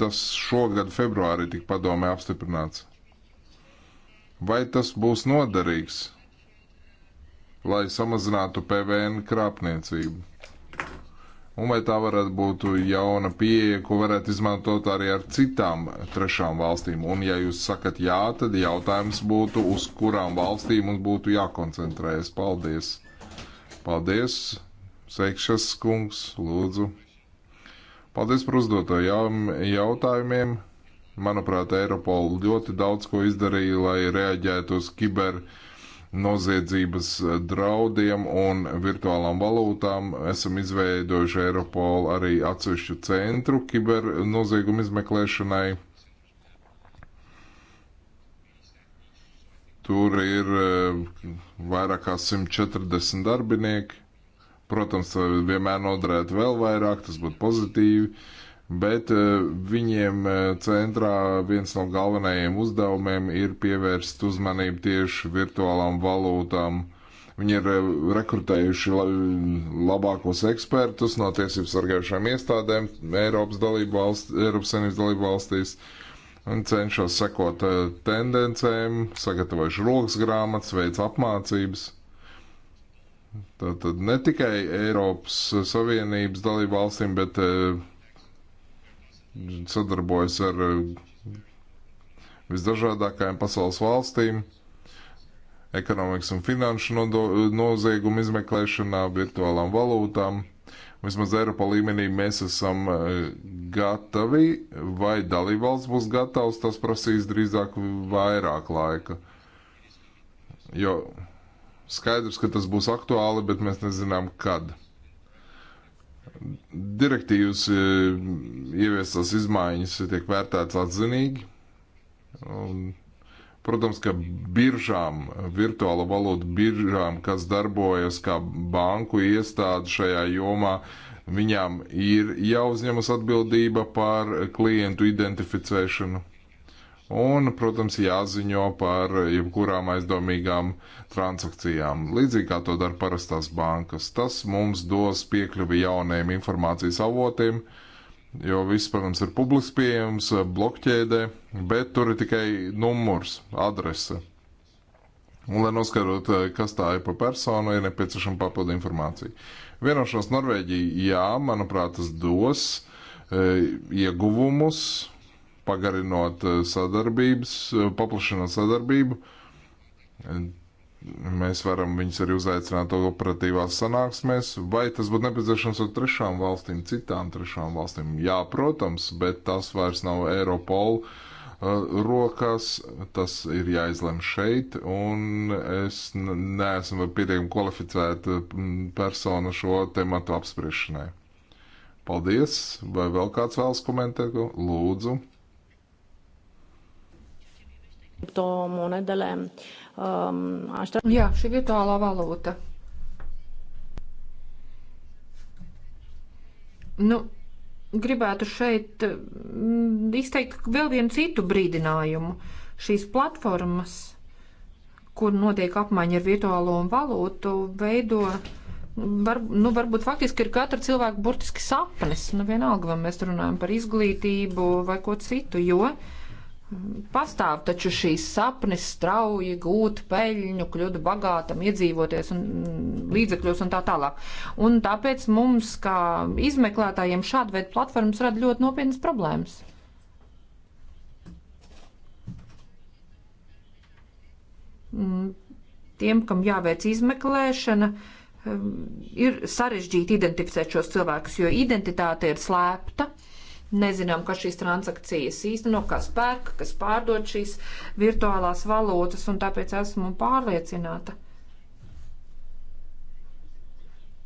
S2: Tas šogad februārī tika padomē apstiprināts. Vai tas būs noderīgs, lai samazinātu PVN krāpniecību? Un vai tā varētu būt jauna pieeja, ko varētu izmantot arī ar citām trešām valstīm? Un, ja jūs sakat jā, tad jautājums būtu, uz kurām valstīm mums būtu jākoncentrējas. Paldies! Paldies, Seikšas kungs, lūdzu! Paldies par uzdoto jautājumiem. Manuprāt, Eiropola ļoti daudz ko izdarīja, lai reaģētu uz kiber noziedzības draudiem un virtuālām valūtām. Esam izveidojuši Eiropolu arī atsevišķu centru kiber noziegumu izmeklēšanai. Tur ir eh, vairāk kā 140 darbinieki. Protams, vienmēr noderētu vēl vairāk, tas būtu pozitīvi, bet eh, viņiem eh, centrā viens no galvenajiem uzdevumiem ir pievērst uzmanību tieši virtuālām valūtām. Viņi ir eh, rekrutējuši labākos ekspertus no tiesību sargājušām iestādēm Eiropas, valsts, Eiropas Savienības dalību valstīs un cenšos sekot tendencēm, sagatavojuši rokas grāmatas, veids apmācības. Tātad ne tikai Eiropas Savienības dalību valstīm, bet eh, sadarbojas ar eh, visdažādākajām pasaules valstīm, ekonomikas un finanšu noziegumu izmeklēšanā, virtuālām valūtām. Vismaz Eiropa līmenī mēs esam eh, gatavi, vai dalībvalsts būs gatavs, tas prasīs drīzāk vairāk laika. Jo Skaidrs, ka tas būs aktuāli, bet mēs nezinām, kad. Direktīvas e, ieviestās izmaiņas tiek vērtētas atzinīgi. Un, protams, ka biržām, virtuāla valūta biržām, kas darbojas kā banku iestāde šajā jomā, viņām ir jāuzņemas atbildība par klientu identificēšanu un, protams, jāziņo par jebkurām aizdomīgām transakcijām, līdzīgi kā to dara parastās bankas. Tas mums dos piekļuvi jauniem informācijas avotiem, jo viss, protams, ir publiski pieejams blokķēdē, bet tur ir tikai numurs, adrese. Un, lai noskatot, kas tā ir pa personu, ir nepieciešama papildu informācija. Vienošanos Norvēģija, jā, manuprāt, tas dos e, ieguvumus, pagarinot eh, sadarbības, eh, paplašinot sadarbību. Mēs varam viņus arī uzaicināt operatīvās sanāksmēs, vai tas būtu nepieciešams ar trešām valstīm, citām trešām valstīm. Jā, protams, bet tas vairs nav Eiropola eh, rokās, tas ir jāizlem šeit, un es neesmu pietiekami kvalificēta mm, persona šo tematu apspriešanai. Paldies! Vai vēl kāds vēlas komentēt? Lūdzu!
S1: monedēm. Um, aštā... Jā, šī virtuālā valūta. Nu, gribētu šeit mm, izteikt vēl vienu citu brīdinājumu. Šīs platformas, kur notiek apmaiņa ar virtuālo valūtu, veido var, nu, varbūt faktiski ir katra cilvēka burtiski sapnis. Nu, vienalga, vai mēs runājam par izglītību vai ko citu, jo Pastāv taču šīs sapnis strauji gūt peļņu, kļūt bagātam, iedzīvoties un līdzekļos un tā tālāk. Un tāpēc mums, kā izmeklētājiem, šāda veida platformas rada ļoti nopietnas problēmas. Mm, tiem, kam jāveic izmeklēšana, mm, ir sarežģīti identificēt šos cilvēkus, jo identitāte ir slēpta. Uh, Nezinām, kas šīs transakcijas īsteno, kas pērk, kas pārdod šīs virtuālās valūtas, un tāpēc esmu pārliecināta,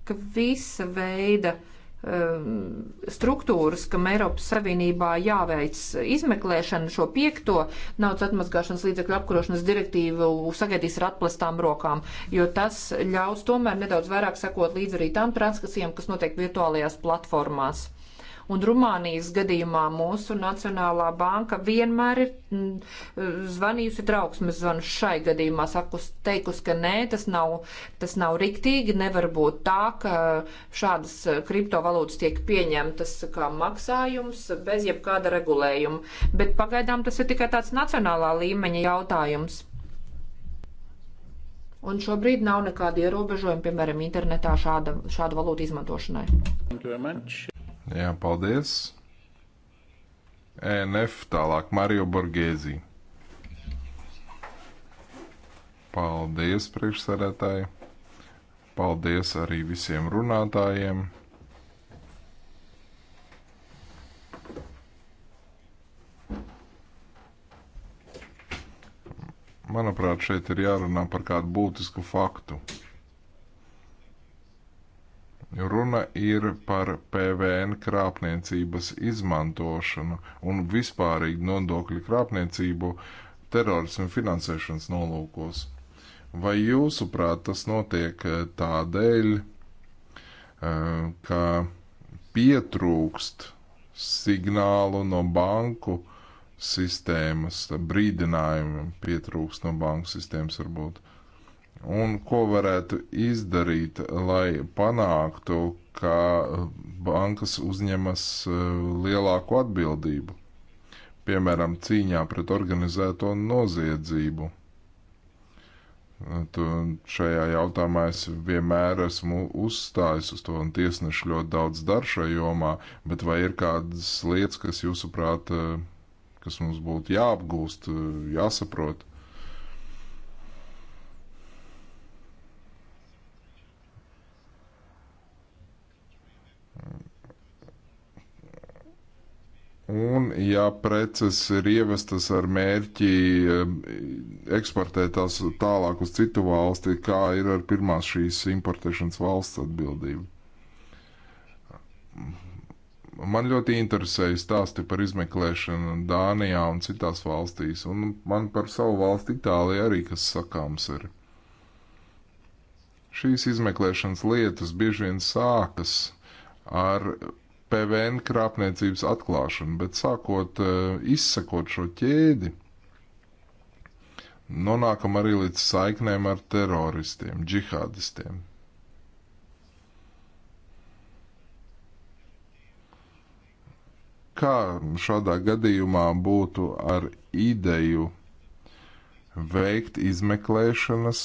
S1: ka visa veida um, struktūras, kam Eiropas Savienībā jāveic izmeklēšana šo piekto naudas atmazgāšanas līdzekļu apkarošanas direktīvu sagaidīs ar atplestām rokām, jo tas ļaus tomēr nedaudz vairāk sekot līdz arī tām transakcijām, kas notiek virtuālajās platformās. Un Rumānijas gadījumā mūsu Nacionālā banka vienmēr ir mm, zvanījusi trauksmes zvanu šai gadījumā, sakus, teikus, ka nē, tas nav, tas nav riktīgi, nevar būt tā, ka šādas eh, kriptovalūtas tiek pieņemtas kā maksājums bez jebkāda regulējuma. Bet pagaidām tas ir tikai tāds nacionālā līmeņa jautājums un šobrīd nav nekāda ierobežojuma, piemēram, internetā šāda, šādu valūtu izmantošanai.
S2: Jā, paldies. ENF tālāk Mario Borgēzī. Paldies, priekšsēdētāji. Paldies arī visiem runātājiem. Manuprāt, šeit ir jārunā par kādu būtisku faktu. Runa ir par PVN krāpniecības izmantošanu un vispārīgi nodokļu krāpniecību terorismu finansēšanas nolūkos. Vai jūsuprāt tas notiek eh, tādēļ, eh, ka pietrūkst signālu no banku sistēmas, brīdinājumiem pietrūkst no banku sistēmas varbūt? un ko varētu izdarīt, lai panāktu, ka bankas uzņemas e, lielāku atbildību, piemēram, cīņā pret organizēto noziedzību. E, tu šajā jautājumā es vienmēr esmu uzstājis uz to, un tiesneši ļoti daudz dar šajā jomā, bet vai ir kādas lietas, kas jūsuprāt, e, kas mums būtu jāapgūst, jāsaprot? Un, ja preces ir ievestas ar mērķi eksportēt tās tālāk uz citu valsti, kā ir ar pirmās šīs importēšanas valsts atbildību? Man ļoti interesēja stāsti par izmeklēšanu Dānijā un citās valstīs, un man par savu valsti Itāliju arī kas sakāms ir. Šīs izmeklēšanas lietas bieži vien sākas ar PVN krāpniecības atklāšanu, bet sākot eh, izsekot šo ķēdi, nonākam arī līdz saiknēm ar teroristiem, džihādistiem. Kā šādā gadījumā būtu ar ideju veikt izmeklēšanas,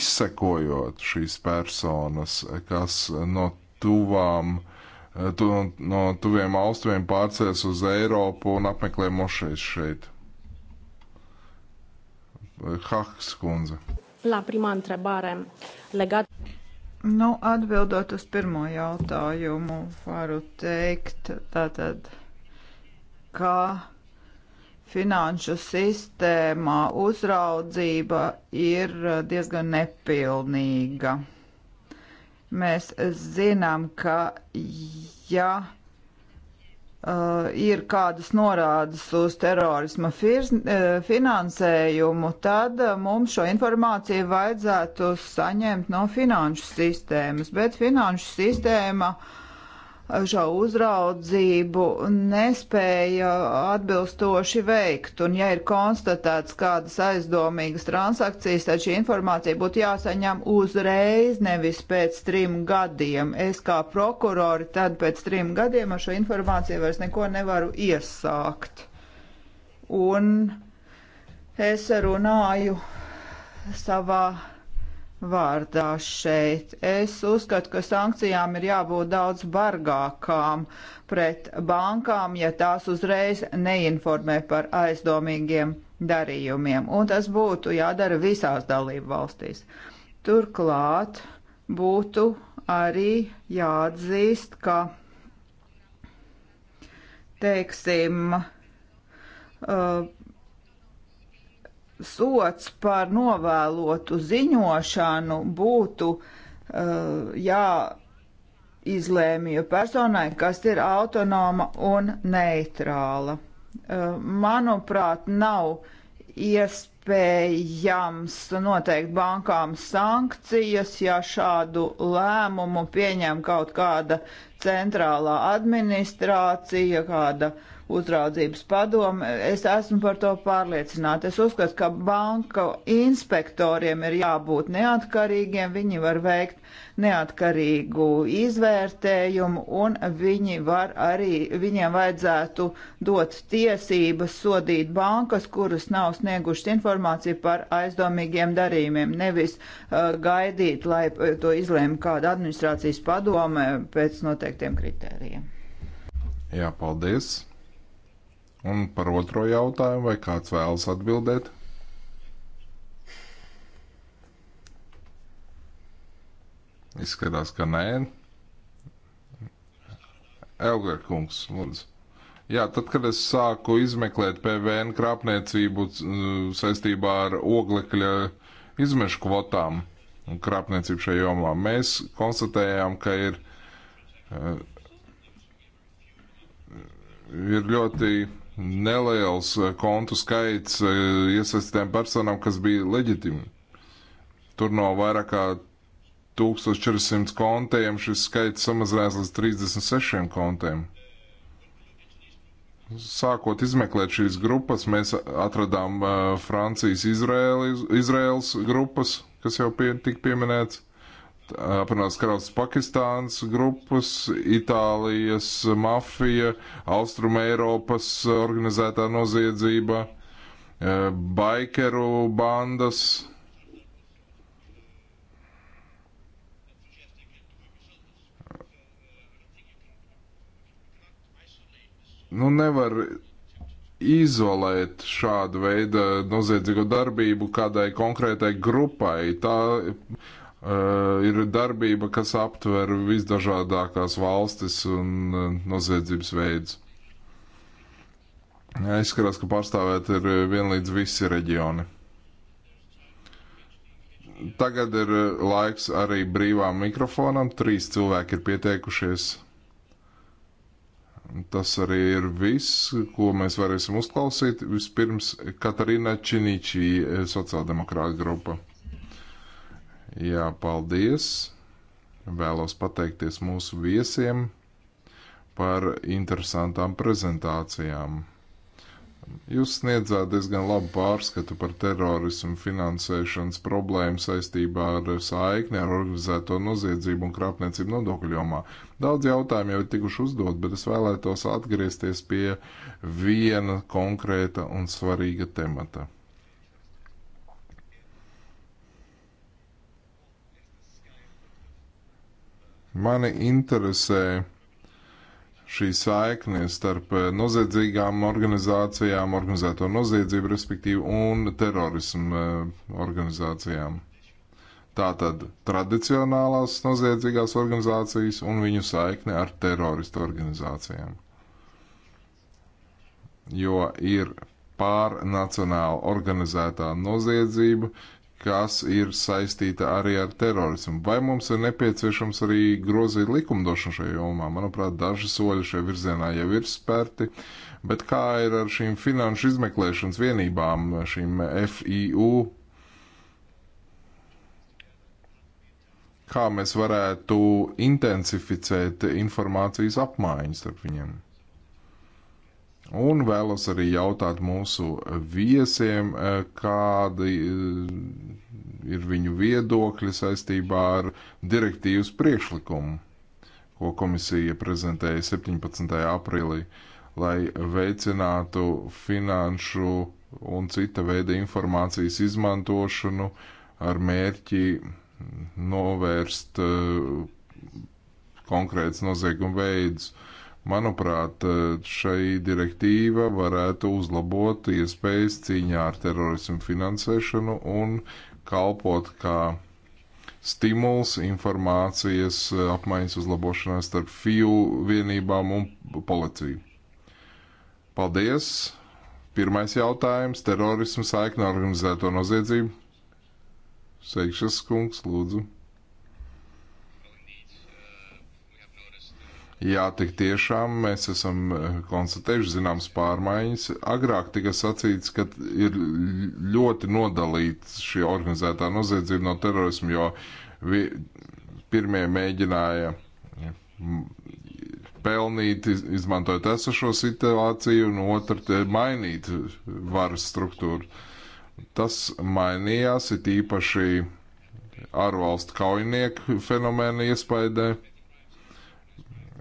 S2: izsekojot šīs personas, kas no tuvām uh, Eh, tu, no tuviem austrumiem pārcēs uz Eiropu un apmeklē mošejas šeit. Eh,
S1: Haks kundze. La primā întrebare legată.
S3: Nu, atbildot uz pirmo jautājumu, varu teikt, tātad, ka finanšu sistēmā uzraudzība ir eh, diezgan nepilnīga. Mēs zinām, ka ja uh, ir kādas norādes uz terorisma firs, uh, finansējumu, tad uh, mums šo informāciju vajadzētu saņemt no finanšu sistēmas. Bet finanšu sistēma uh, šo uzraudzību nespēja atbilstoši veikt. Un, ja ir konstatēts kādas aizdomīgas transakcijas, tad šī informācija būtu jāsaņem uzreiz, nevis pēc trim gadiem. Es kā prokurori tad pēc trim gadiem ar šo informāciju vairs neko nevaru iesākt. Un es runāju savā vārdā šeit. Es uzskatu, ka sankcijām ir jābūt daudz bargākām pret bankām, ja tās uzreiz neinformē par aizdomīgiem darījumiem, un tas būtu jādara visās dalību valstīs. Turklāt būtu arī jāatzīst, ka, teiksim, uh, sots par novēlotu ziņošanu būtu uh, jāizlēmja personai, kas ir autonoma un neitrāla. Uh, manuprāt, nav iespējams noteikt bankām sankcijas, ja šādu lēmumu pieņem kaut kāda centrālā administrācija, kāda uh, uzraudzības padome. Es esmu par to pārliecināta. Es uzskatu, ka banka inspektoriem ir jābūt neatkarīgiem, viņi var veikt neatkarīgu izvērtējumu un viņi var arī, viņiem vajadzētu dot tiesības sodīt bankas, kuras nav sniegušas informāciju par aizdomīgiem darījumiem, nevis uh, gaidīt, lai to izlēma kāda administrācijas padome pēc noteiktiem kritērijiem.
S2: Jā, paldies! Un par otro jautājumu, vai kāds vēlas atbildēt? Izskatās, ka nē. Elgar kungs, lūdzu. Jā, tad, kad es sāku izmeklēt PVN krāpniecību uh, saistībā ar oglekļa izmešu kvotām un krāpniecību šajā jomā, mēs konstatējām, ka ir, uh, ir ļoti neliels eh, kontu skaits eh, iesaistītām personām, kas bija leģitīmi. Tur no vairāk kā 1400 kontiem šis skaits samazinājās līdz 36 kontiem. Sākot izmeklēt šīs grupas, mēs atradām uh, Francijas, Izraēlis, Izraels grupas, kas jau pie, tika pieminēts apvienotās karalists Pakistāns grupas, Itālijas mafija, Austrum Eiropas organizētā noziedzība, eh, baikeru bandas. Nu, nevar izolēt šādu veidu noziedzīgo darbību kādai konkrētai grupai. Tā Eh, ir darbība, kas aptver visdažādākās valstis un eh, noziedzības veidus. Izskatās, ka pārstāvēt ir eh, vienlīdz visi reģioni. Tagad ir laiks arī brīvām mikrofonam. Trīs cilvēki ir pieteikušies. Tas arī ir viss, ko mēs varēsim uzklausīt. Vispirms Katarina Činičī, sociāldemokrāta grupa. Jā, paldies! Vēlos pateikties mūsu viesiem par interesantām prezentācijām. Jūs sniedzāt diezgan labu pārskatu par terorismu finansēšanas problēmu saistībā ar saikni ar organizēto noziedzību un krāpniecību nodokļu jomā. Daudz jautājumu jau ir tikuši uzdot, bet es vēlētos atgriezties pie viena konkrēta un svarīga temata. Mani interesē šī saikne starp eh, noziedzīgām organizācijām, organizēto noziedzību, respektīvi, un terorismu eh, organizācijām. Tātad tradicionālās noziedzīgās organizācijas un viņu saikne ar teroristu organizācijām. Jo ir pārnacionāla organizētā noziedzība, uh, kas ir saistīta arī ar terorismu. Vai mums ir nepieciešams arī grozīt likumdošanu šajā jomā? Manuprāt, daži soļi šajā virzienā jau ir spērti, bet kā ir ar šīm finanšu izmeklēšanas vienībām, šīm FIU? Kā mēs varētu intensificēt informācijas apmaiņas starp viņiem? Un vēlos arī jautāt mūsu viesiem, eh, kāda eh, ir viņu viedokļi saistībā ar direktīvas priekšlikumu, ko komisija prezentēja 17. aprīlī, lai veicinātu finanšu un cita veida informācijas izmantošanu ar mērķi novērst eh, konkrēts nozieguma veidus. Uh, Manuprāt, šai direktīva varētu uzlabot iespējas cīņā ar terorismu finansēšanu un kalpot kā stimuls informācijas apmaiņas uzlabošanā starp FIU vienībām un policiju. Paldies! Pirmais jautājums - terorismu saikna organizēto noziedzību. Seikšas kungs, lūdzu. Jā, tik tiešām mēs esam eh, konstatējuši zināmas pārmaiņas. Agrāk tika sacīts, ka ir ļoti nodalīta šī organizētā noziedzība no terorismu, jo vi, pirmie mēģināja pelnīt, izmantojot esošo situāciju, un otru mainīt varas struktūru. Tas mainījās, it īpaši ārvalstu kaujinieku fenomēna iespaidē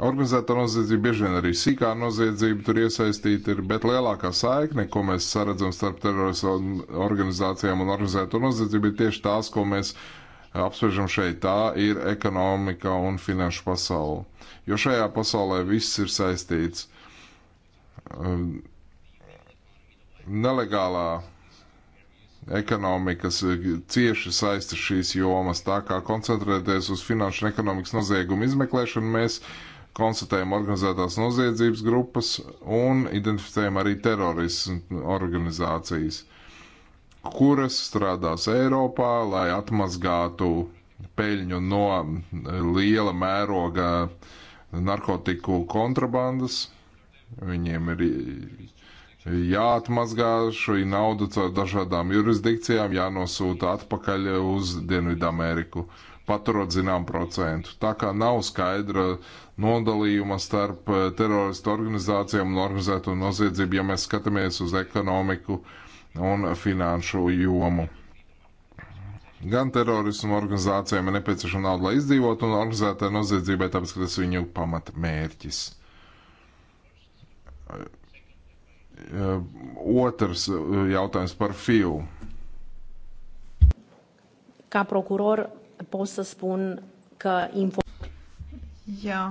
S2: Organizēta noziedzība bieži vien arī sīkā noziedzība tur iesaistīta ir, bet lielākā saikne, ko mēs saredzam starp teroristu organizācijām un organizēto noziedzību, ir tieši tās, ko mēs apspriežam šeit. Tā ir ekonomika un finanšu pasaule. Jo šajā pasaulē viss ir saistīts. Um, nelegālā ekonomikas cieši saista šīs jomas, tā kā koncentrēties uz finanšu un ekonomikas noziegumu izmeklēšanu mēs uh, konstatējam organizētās noziedzības grupas un identificējam arī terorismu organizācijas, kuras strādās Eiropā, lai atmazgātu peļņu no liela mēroga narkotiku kontrabandas. Viņiem ir jāatmazgā šī nauda caur dažādām jurisdikcijām, jānosūta atpakaļ uz Dienvidu Ameriku. Uh, paturot zinām procentu. Tā kā nav skaidra nodalījuma starp eh, teroristu organizācijām un organizēto noziedzību, ja mēs skatāmies uz ekonomiku un finanšu jomu. Gan terorismu organizācijām ir nepieciešama nauda, lai izdzīvotu, un organizētai noziedzībai, tāpēc, ka tas viņu pamatmērķis. Eh, otrs eh, jautājums par FIU.
S1: Kā prokurors pot să spun că
S3: Jā,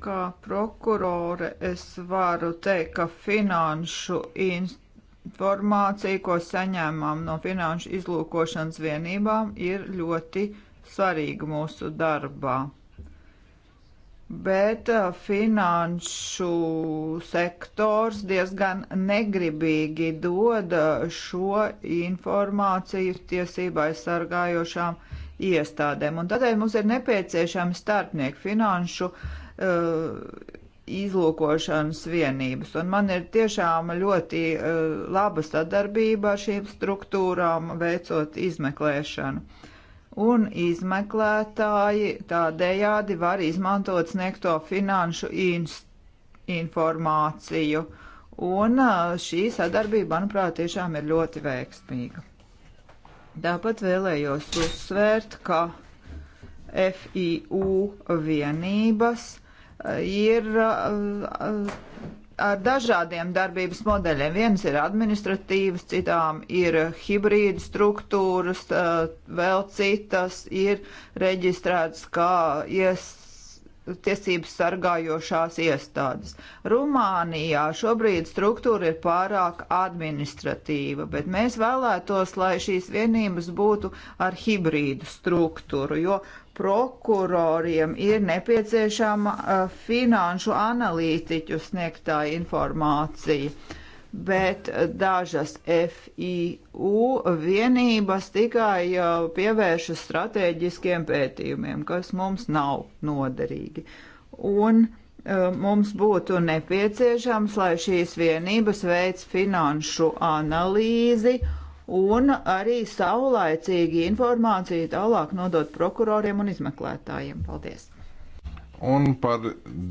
S3: kā prokurore es varu teikt, ka finanšu informācija, ko saņēmām no finanšu izlūkošanas vienībām, ir ļoti svarīga mūsu darbā. Bet eh, finanšu sektors diezgan negribīgi dod eh, šo informāciju tiesībai sargājošām iestādēm iestādēm. Un tādēļ mums ir nepieciešami starpnieki finanšu uh, izlūkošanas vienības. Un man ir tiešām ļoti uh, laba sadarbība ar šīm struktūrām, veicot izmeklēšanu. Un izmeklētāji tādējādi var izmantot sniegto finanšu informāciju. Un uh, šī sadarbība, manuprāt, tiešām ir ļoti veiksmīga. Tāpat vēlējos uzsvērt, ka FIU vienības eh, ir eh, eh, ar dažādiem darbības modeļiem. Vienas ir administratīvas, citām ir hibrīda struktūras, vēl citas ir reģistrētas kā ies tiesības sargājošās iestādes. Rumānijā šobrīd struktūra ir pārāk administratīva, bet mēs vēlētos, lai šīs vienības būtu ar hibrīdu struktūru, jo prokuroriem ir nepieciešama eh, finanšu analītiķu sniegtā informācija bet dažas FIU vienības tikai pievēršas strateģiskiem pētījumiem, kas mums nav noderīgi. Un mums būtu nepieciešams, lai šīs vienības veids finanšu analīzi un arī saulaicīgi informāciju tālāk nodot prokuroriem un izmeklētājiem. Paldies!
S2: Un par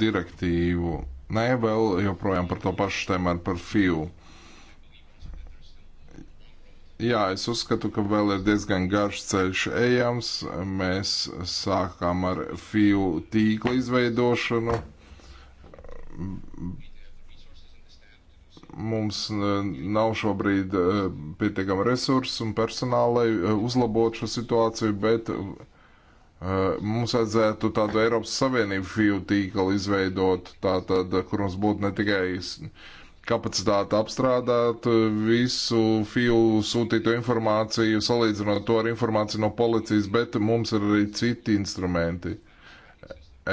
S2: direktīvu Nē, vēl joprojām par to pašu tēmu, par FIU. Jā, es uzskatu, ka vēl ir diezgan garš ceļš ejams. Mēs sākām ar FIU tīkla izveidošanu. Mums eh, nav šobrīd eh, pietiekama resursa un personālai eh, uzlabot šo situāciju, bet Eh, mums vajadzētu tādu Eiropas Savienību fiju tīklu izveidot, tātad, kur mums būtu ne tikai kapacitāte apstrādāt eh, visu fiju sūtīto informāciju, salīdzinot to ar informāciju no policijas, bet mums ir arī citi instrumenti.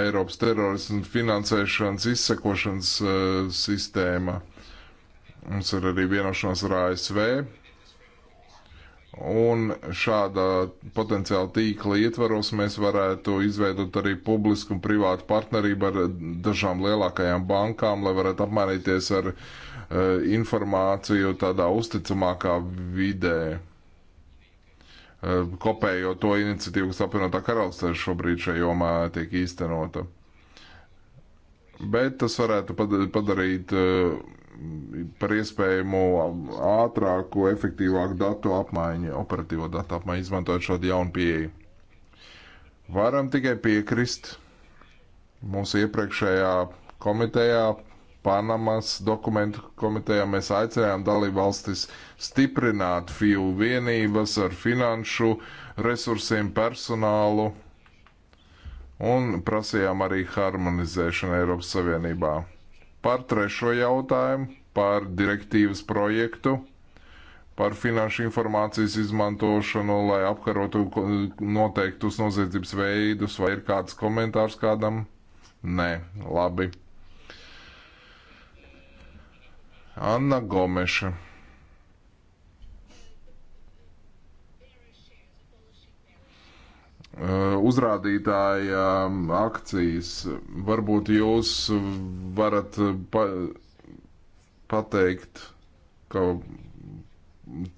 S2: Eiropas terorismu finansēšanas izsekošanas uh, sistēma. Mums ir arī vienošanās ar ASV, Un šāda potenciāla tīkla ietvaros mēs varētu izveidot arī publisku un privātu partnerību ar dažām lielākajām bankām, lai varētu apmainīties ar uh, informāciju tādā uzticamākā vidē, uh, eh, kopējot to iniciatīvu, kas apvienotā karalistē šobrīd šajā jomā tiek īstenota. Bet tas varētu padarīt uh, par iespējamu ātrāku, efektīvāku datu apmaiņu, operatīvo datu apmaiņu, izmantojot šādu jaunu pieeju. Varam tikai piekrist mūsu iepriekšējā komitejā, Panamas dokumentu komitejā, mēs aicinājām dalību valstis stiprināt FIU vienības ar finanšu resursiem, personālu un prasījām arī harmonizēšanu Eiropas Savienībā par trešo jautājumu, par direktīvas projektu, par finanšu informācijas izmantošanu, lai apkarotu noteiktus noziedzības veidus, vai ir kāds komentārs kādam? Nē, labi. Anna Gomeša. Eh, uzrādītāja mm, akcijas. Varbūt jūs varat eh, pa pateikt, ka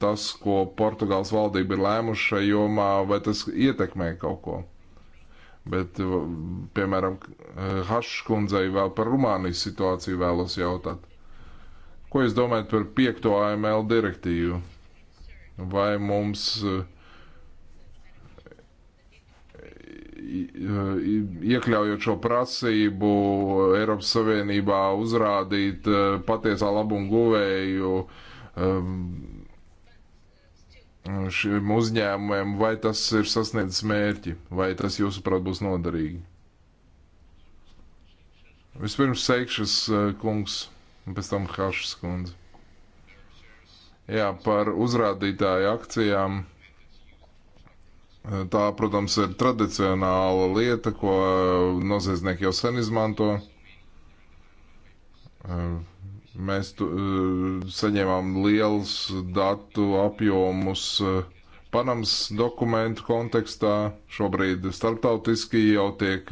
S2: tas, ko Portugāles valdība ir lēmuši šajā jomā, vai tas ietekmē kaut ko. Bet, eh, piemēram, Hašs kundzei vēl par Rumānijas situāciju vēlos jautāt. Ko jūs domājat par piekto AML direktīvu? Vai mums uh, iekļaujot šo prasību Eiropas Savienībā uzrādīt eh, patiesā labumu guvēju ehm, šiem uzņēmumiem, vai tas ir sasniedzis mērķi, vai tas jūsuprāt būs noderīgi? Vispirms Seikšas eh, kungs, pēc tam Hašas kundze. Jā, par uzrādītāju akcijām Tā, protams, ir tradicionāla lieta, ko noziedznieki jau sen izmanto. Mēs tu, saņēmām liels datu apjomus Panamas dokumentu kontekstā. Šobrīd starptautiski jau tiek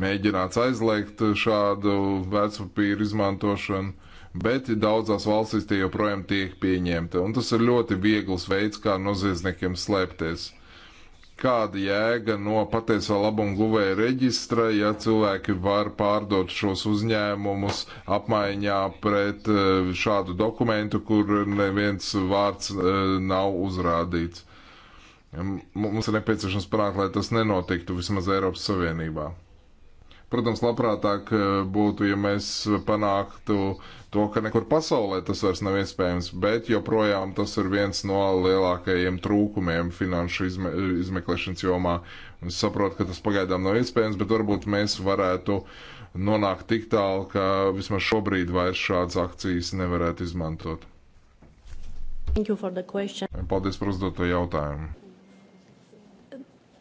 S2: mēģināts aizliegt šādu vecpapīru izmantošanu, bet daudzās valstīs tie joprojām tiek pieņemti. Un tas ir ļoti viegls veids, kā noziedzniekiem slēpties kāda jēga no patiesā labuma guvēja reģistra, ja cilvēki var pārdot šos uzņēmumus apmaiņā pret eh, šādu dokumentu, kur neviens vārds eh, nav uzrādīts. Mums ir nepieciešams panākt, lai tas nenotiktu vismaz Eiropas Savienībā. Protams, labprātāk eh, būtu, ja mēs panāktu to, ka nekur pasaulē tas vairs nav iespējams, bet joprojām tas ir viens no lielākajiem trūkumiem finanšu izme izmeklēšanas jomā. Es saprotu, ka tas pagaidām nav iespējams, bet varbūt mēs varētu nonākt tik tālu, ka vismaz šobrīd vairs šādas akcijas nevarētu izmantot.
S1: Paldies
S2: par uzdoto jautājumu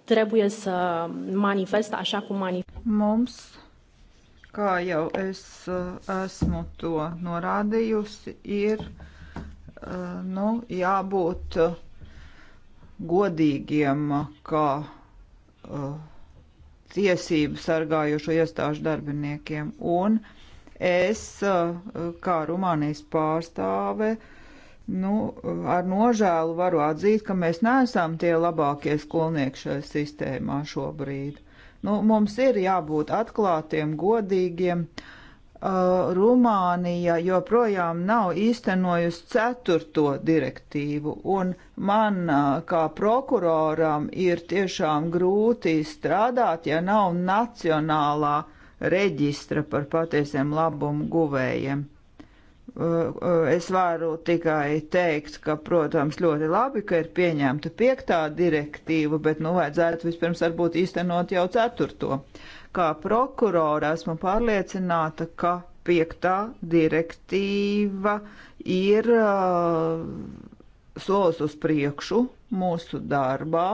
S1: trebuie să manifest așa cum manifest. Mums,
S3: kā jau es uh, esmu to norādījusi, ir uh, nu, jābūt uh, godīgiem kā tiesību sargājošo iestāžu darbiniekiem. Un es, kā Rumānijas pārstāve, uh, Nu, ar nožēlu varu atzīt, ka mēs neesam tie labākie skolnieki šajā sistēmā šobrīd. Nu, mums ir jābūt atklātiem, godīgiem. Uh, Rumānija joprojām nav īstenojusi ceturto direktīvu, un man uh, kā prokuroram ir tiešām grūti strādāt, ja nav nacionālā reģistra par patiesiem labumu guvējiem. Eh, es varu tikai teikt, ka, protams, ļoti labi, ka ir pieņemta piektā direktīva, bet, nu, vajadzētu vispirms varbūt īstenot jau ceturto. Kā prokurora esmu pārliecināta, ka piektā direktīva ir uh, solis uz priekšu mūsu darbā,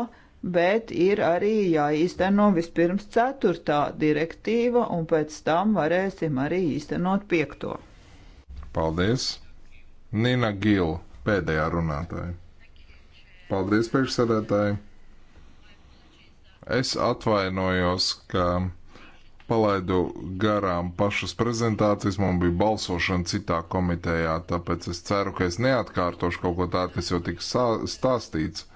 S3: bet ir arī jāīsteno vispirms ceturtā direktīva, un pēc tam varēsim arī īstenot piekto.
S2: Paldies! Nina Gil, pēdējā runātāja. Paldies, priekšsēdētāji! Es atvainojos, ka palaidu garām pašas prezentācijas, man bija balsošana citā komitejā, tāpēc es ceru, ka es neatkārtošu kaut ko tādu, kas jau tika stāstīts.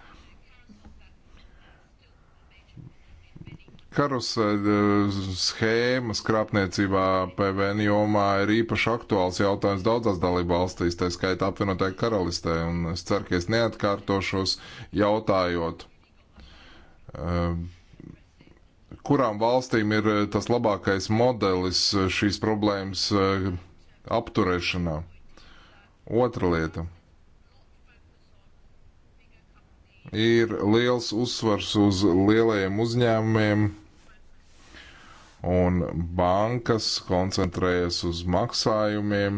S2: Karuseļu eh, schēmas krāpniecībā PVN jomā ir īpaši aktuāls jautājums daudzās dalībvalstīs, tā skaitā apvienotāju karalistē, un es ceru, ka es neatkārtošos jautājot, eh, kurām valstīm ir eh, tas labākais modelis šīs problēmas apturēšanā. Otra lieta ir liels uzsvars uz lielajiem uzņēmumiem, un bankas koncentrējas uz maksājumiem,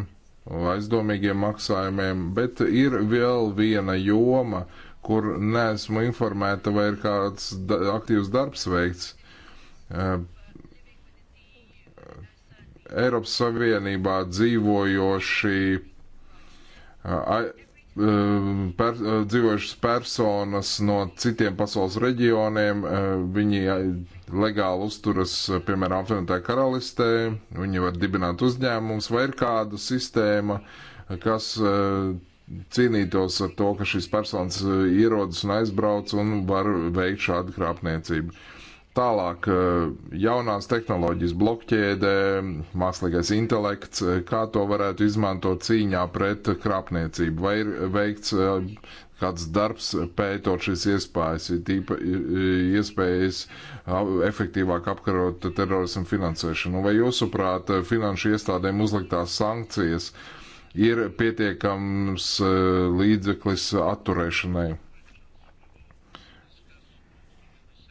S2: aizdomīgiem maksājumiem, bet ir vēl viena joma, kur neesmu informēta, vai ir kāds da aktīvs darbs veikts. Uh, Eiropas Savienībā dzīvojoši uh, Um, per, uh, dzīvojušas personas no citiem pasaules reģioniem. Uh, viņi legāli uzturas, uh, piemēram, apvienotā karalistē, viņi var dibināt uzņēmumus, vai ir kāda sistēma, kas cīnītos ar to, ka šīs personas ierodas un aizbrauc un var veikt šādu krāpniecību. Tālāk, eh, jaunās tehnoloģijas, blokķēde, mākslīgais intelekts, eh, kā to varētu izmantot cīņā pret krāpniecību, vai ir veikts eh, kāds darbs pētot šīs iespējas, tīpa, iespējas efektīvāk apkarot terorismu finansēšanu, vai jūsuprāt, finanšu iestādēm uzliktās sankcijas ir pietiekams līdzeklis atturēšanai?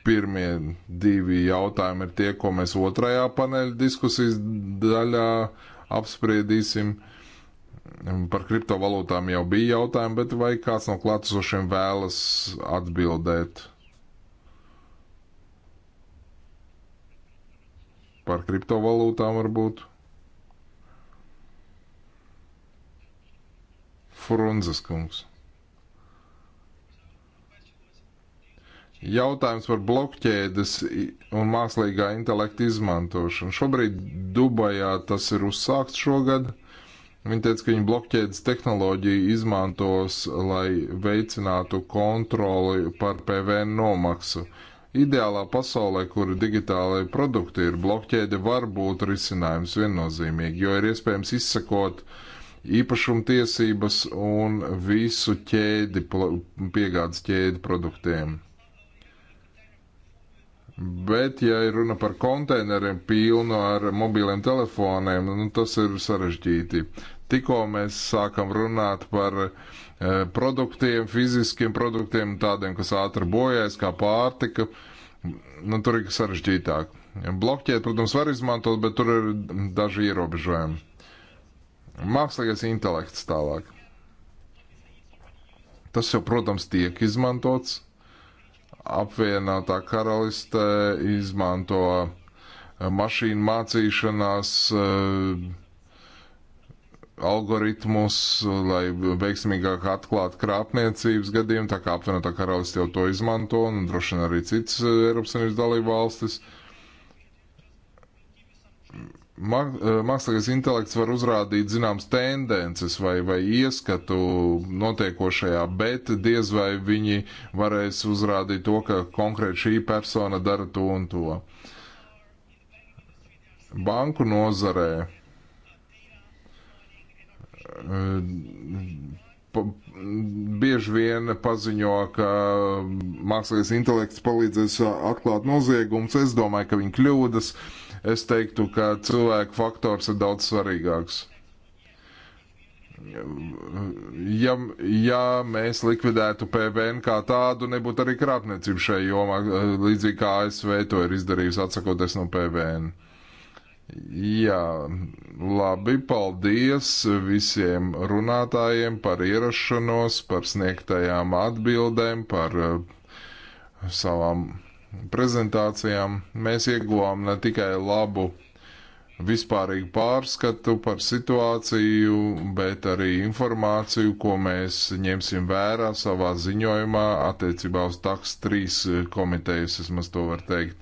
S2: Pirmie divi jautājumi ir tie, ko mēs otrajā paneļa diskusijas daļā apspriedīsim. Par kriptovalūtām jau bija jautājumi, bet vai kāds no klātesošiem vēlas atbildēt par kriptovalūtām varbūt? Frunzes kungs. Jautājums par blokķēdes un mākslīgā intelekta izmantošanu. Šobrīd Dubajā tas ir uzsākts šogad. Viņa teica, ka viņa blokķēdes tehnoloģiju izmantos, lai veicinātu kontroli par PVN nomaksu. Ideālā pasaulē, kur digitālai produkti ir blokķēde, var būt risinājums viennozīmīgi, jo ir iespējams izsekot īpašumtiesības un visu ķēdi, piegādes ķēdi produktiem. Bet, ja ir runa par konteineriem pilnu ar mobiliem telefoniem, nu, tas ir sarežģīti. Tikko mēs sākam runāt par e, produktiem, fiziskiem produktiem, tādiem, kas ātri bojājas, kā pārtika, nu, tur ir sarežģītāk. Blokķēt, protams, var izmantot, bet tur ir daži ierobežojumi. Mākslīgais intelekts tālāk. Tas jau, protams, tiek izmantots apvienotā karaliste izmanto eh, mašīnu mācīšanās eh, algoritmus, lai veiksmīgāk atklātu krāpniecības gadījumu, tā kā apvienotā karaliste jau to izmanto, un droši vien arī citas eh, Eiropas Savienības dalību valstis. Uh, Eh, mākslīgais intelekts var uzrādīt zināmas tendences vai, vai ieskatu notiekošajā, bet diez vai viņi varēs uzrādīt to, ka konkrēti šī persona dara to un to. Banku nozarē eh, pa, bieži vien paziņo, ka mākslīgais intelekts palīdzēs eh, atklāt noziegumus. Es domāju, ka viņi kļūdas. Uh, Es teiktu, ka cilvēku faktors ir daudz svarīgāks. Ja, ja mēs likvidētu PVN kā tādu, nebūtu arī krāpniecība šajā jomā, līdzīgi kā ASV to ir izdarījusi atsakoties no PVN. Jā, labi, paldies visiem runātājiem par ierašanos, par sniegtajām atbildēm, par eh, savām prezentācijām mēs ieguvām ne tikai labu vispārīgu pārskatu par situāciju, bet arī informāciju, ko mēs ņemsim vērā savā ziņojumā attiecībā uz taks trīs komitejas, vismaz to var teikt.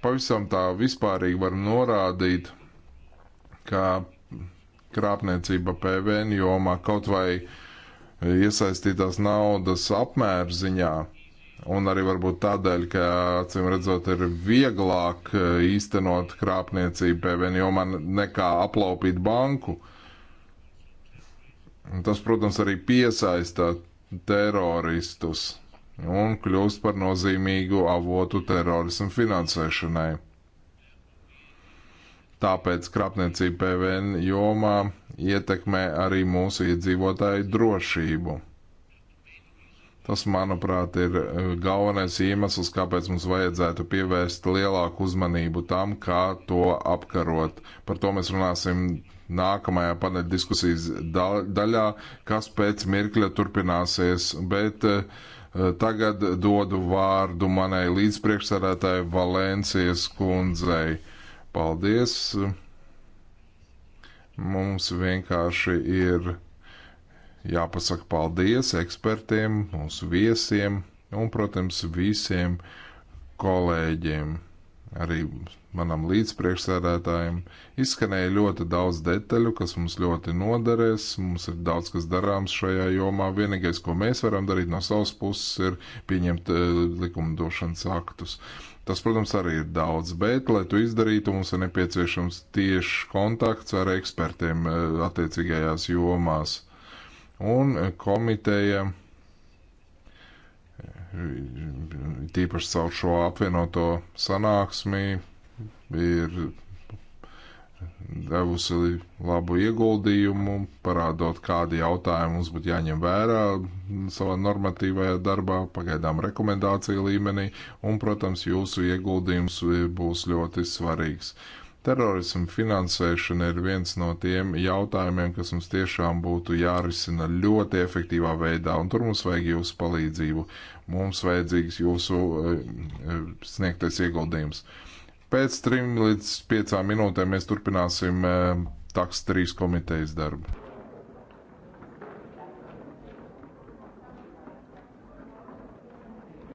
S2: Pavisam tā vispārīgi var norādīt, ka krāpniecība PVN jomā kaut vai uh, iesaistītās naudas apmērziņā. Un arī varbūt tādēļ, ka, acīm redzot, ir vieglāk e, īstenot krāpniecību PVN jomā nekā aplaupīt banku. Un tas, protams, arī piesaista teroristus un kļūst par nozīmīgu avotu terorismu finansēšanai. Tāpēc krāpniecība PVN jomā ietekmē arī mūsu iedzīvotāju drošību. Tas, manuprāt, ir eh, galvenais iemesls, kāpēc mums vajadzētu pievērst lielāku uzmanību tam, kā to apkarot. Par to mēs runāsim nākamajā paneļa diskusijas daļā, kas pēc mirkļa turpināsies. Bet eh, tagad dodu vārdu manai līdzpriekšsarētāji Valencijas kundzei. Paldies! Mums vienkārši ir jāpasaka paldies ekspertiem, mūsu viesiem un, protams, visiem kolēģiem, arī manam līdzpriekšsēdētājiem. Izskanēja ļoti daudz detaļu, kas mums ļoti noderēs. Mums ir daudz kas darāms šajā jomā. Vienīgais, ko mēs varam darīt no savas puses, ir pieņemt eh, likumdošanas aktus. Uh, Tas, protams, arī ir daudz, bet, lai to izdarītu, mums ir nepieciešams tieši kontakts ar ekspertiem eh, attiecīgajās jomās un eh, komiteja. Eh, tīpaši caur šo apvienoto sanāksmi ir devusi labu ieguldījumu, parādot, kādi jautājumi mums būtu jāņem vērā savā normatīvajā darbā, pagaidām rekomendāciju līmenī, un, protams, jūsu ieguldījums būs ļoti svarīgs. Terorismu finansēšana ir viens no tiem jautājumiem, kas mums tiešām būtu jārisina ļoti efektīvā veidā, un tur mums vajag jūsu palīdzību. Mums vajadzīgs jūsu eh, eh, sniegtais ieguldījums. Uh, Pēc trim līdz piecām minūtēm mēs turpināsim eh, taks trīs komitejas darbu.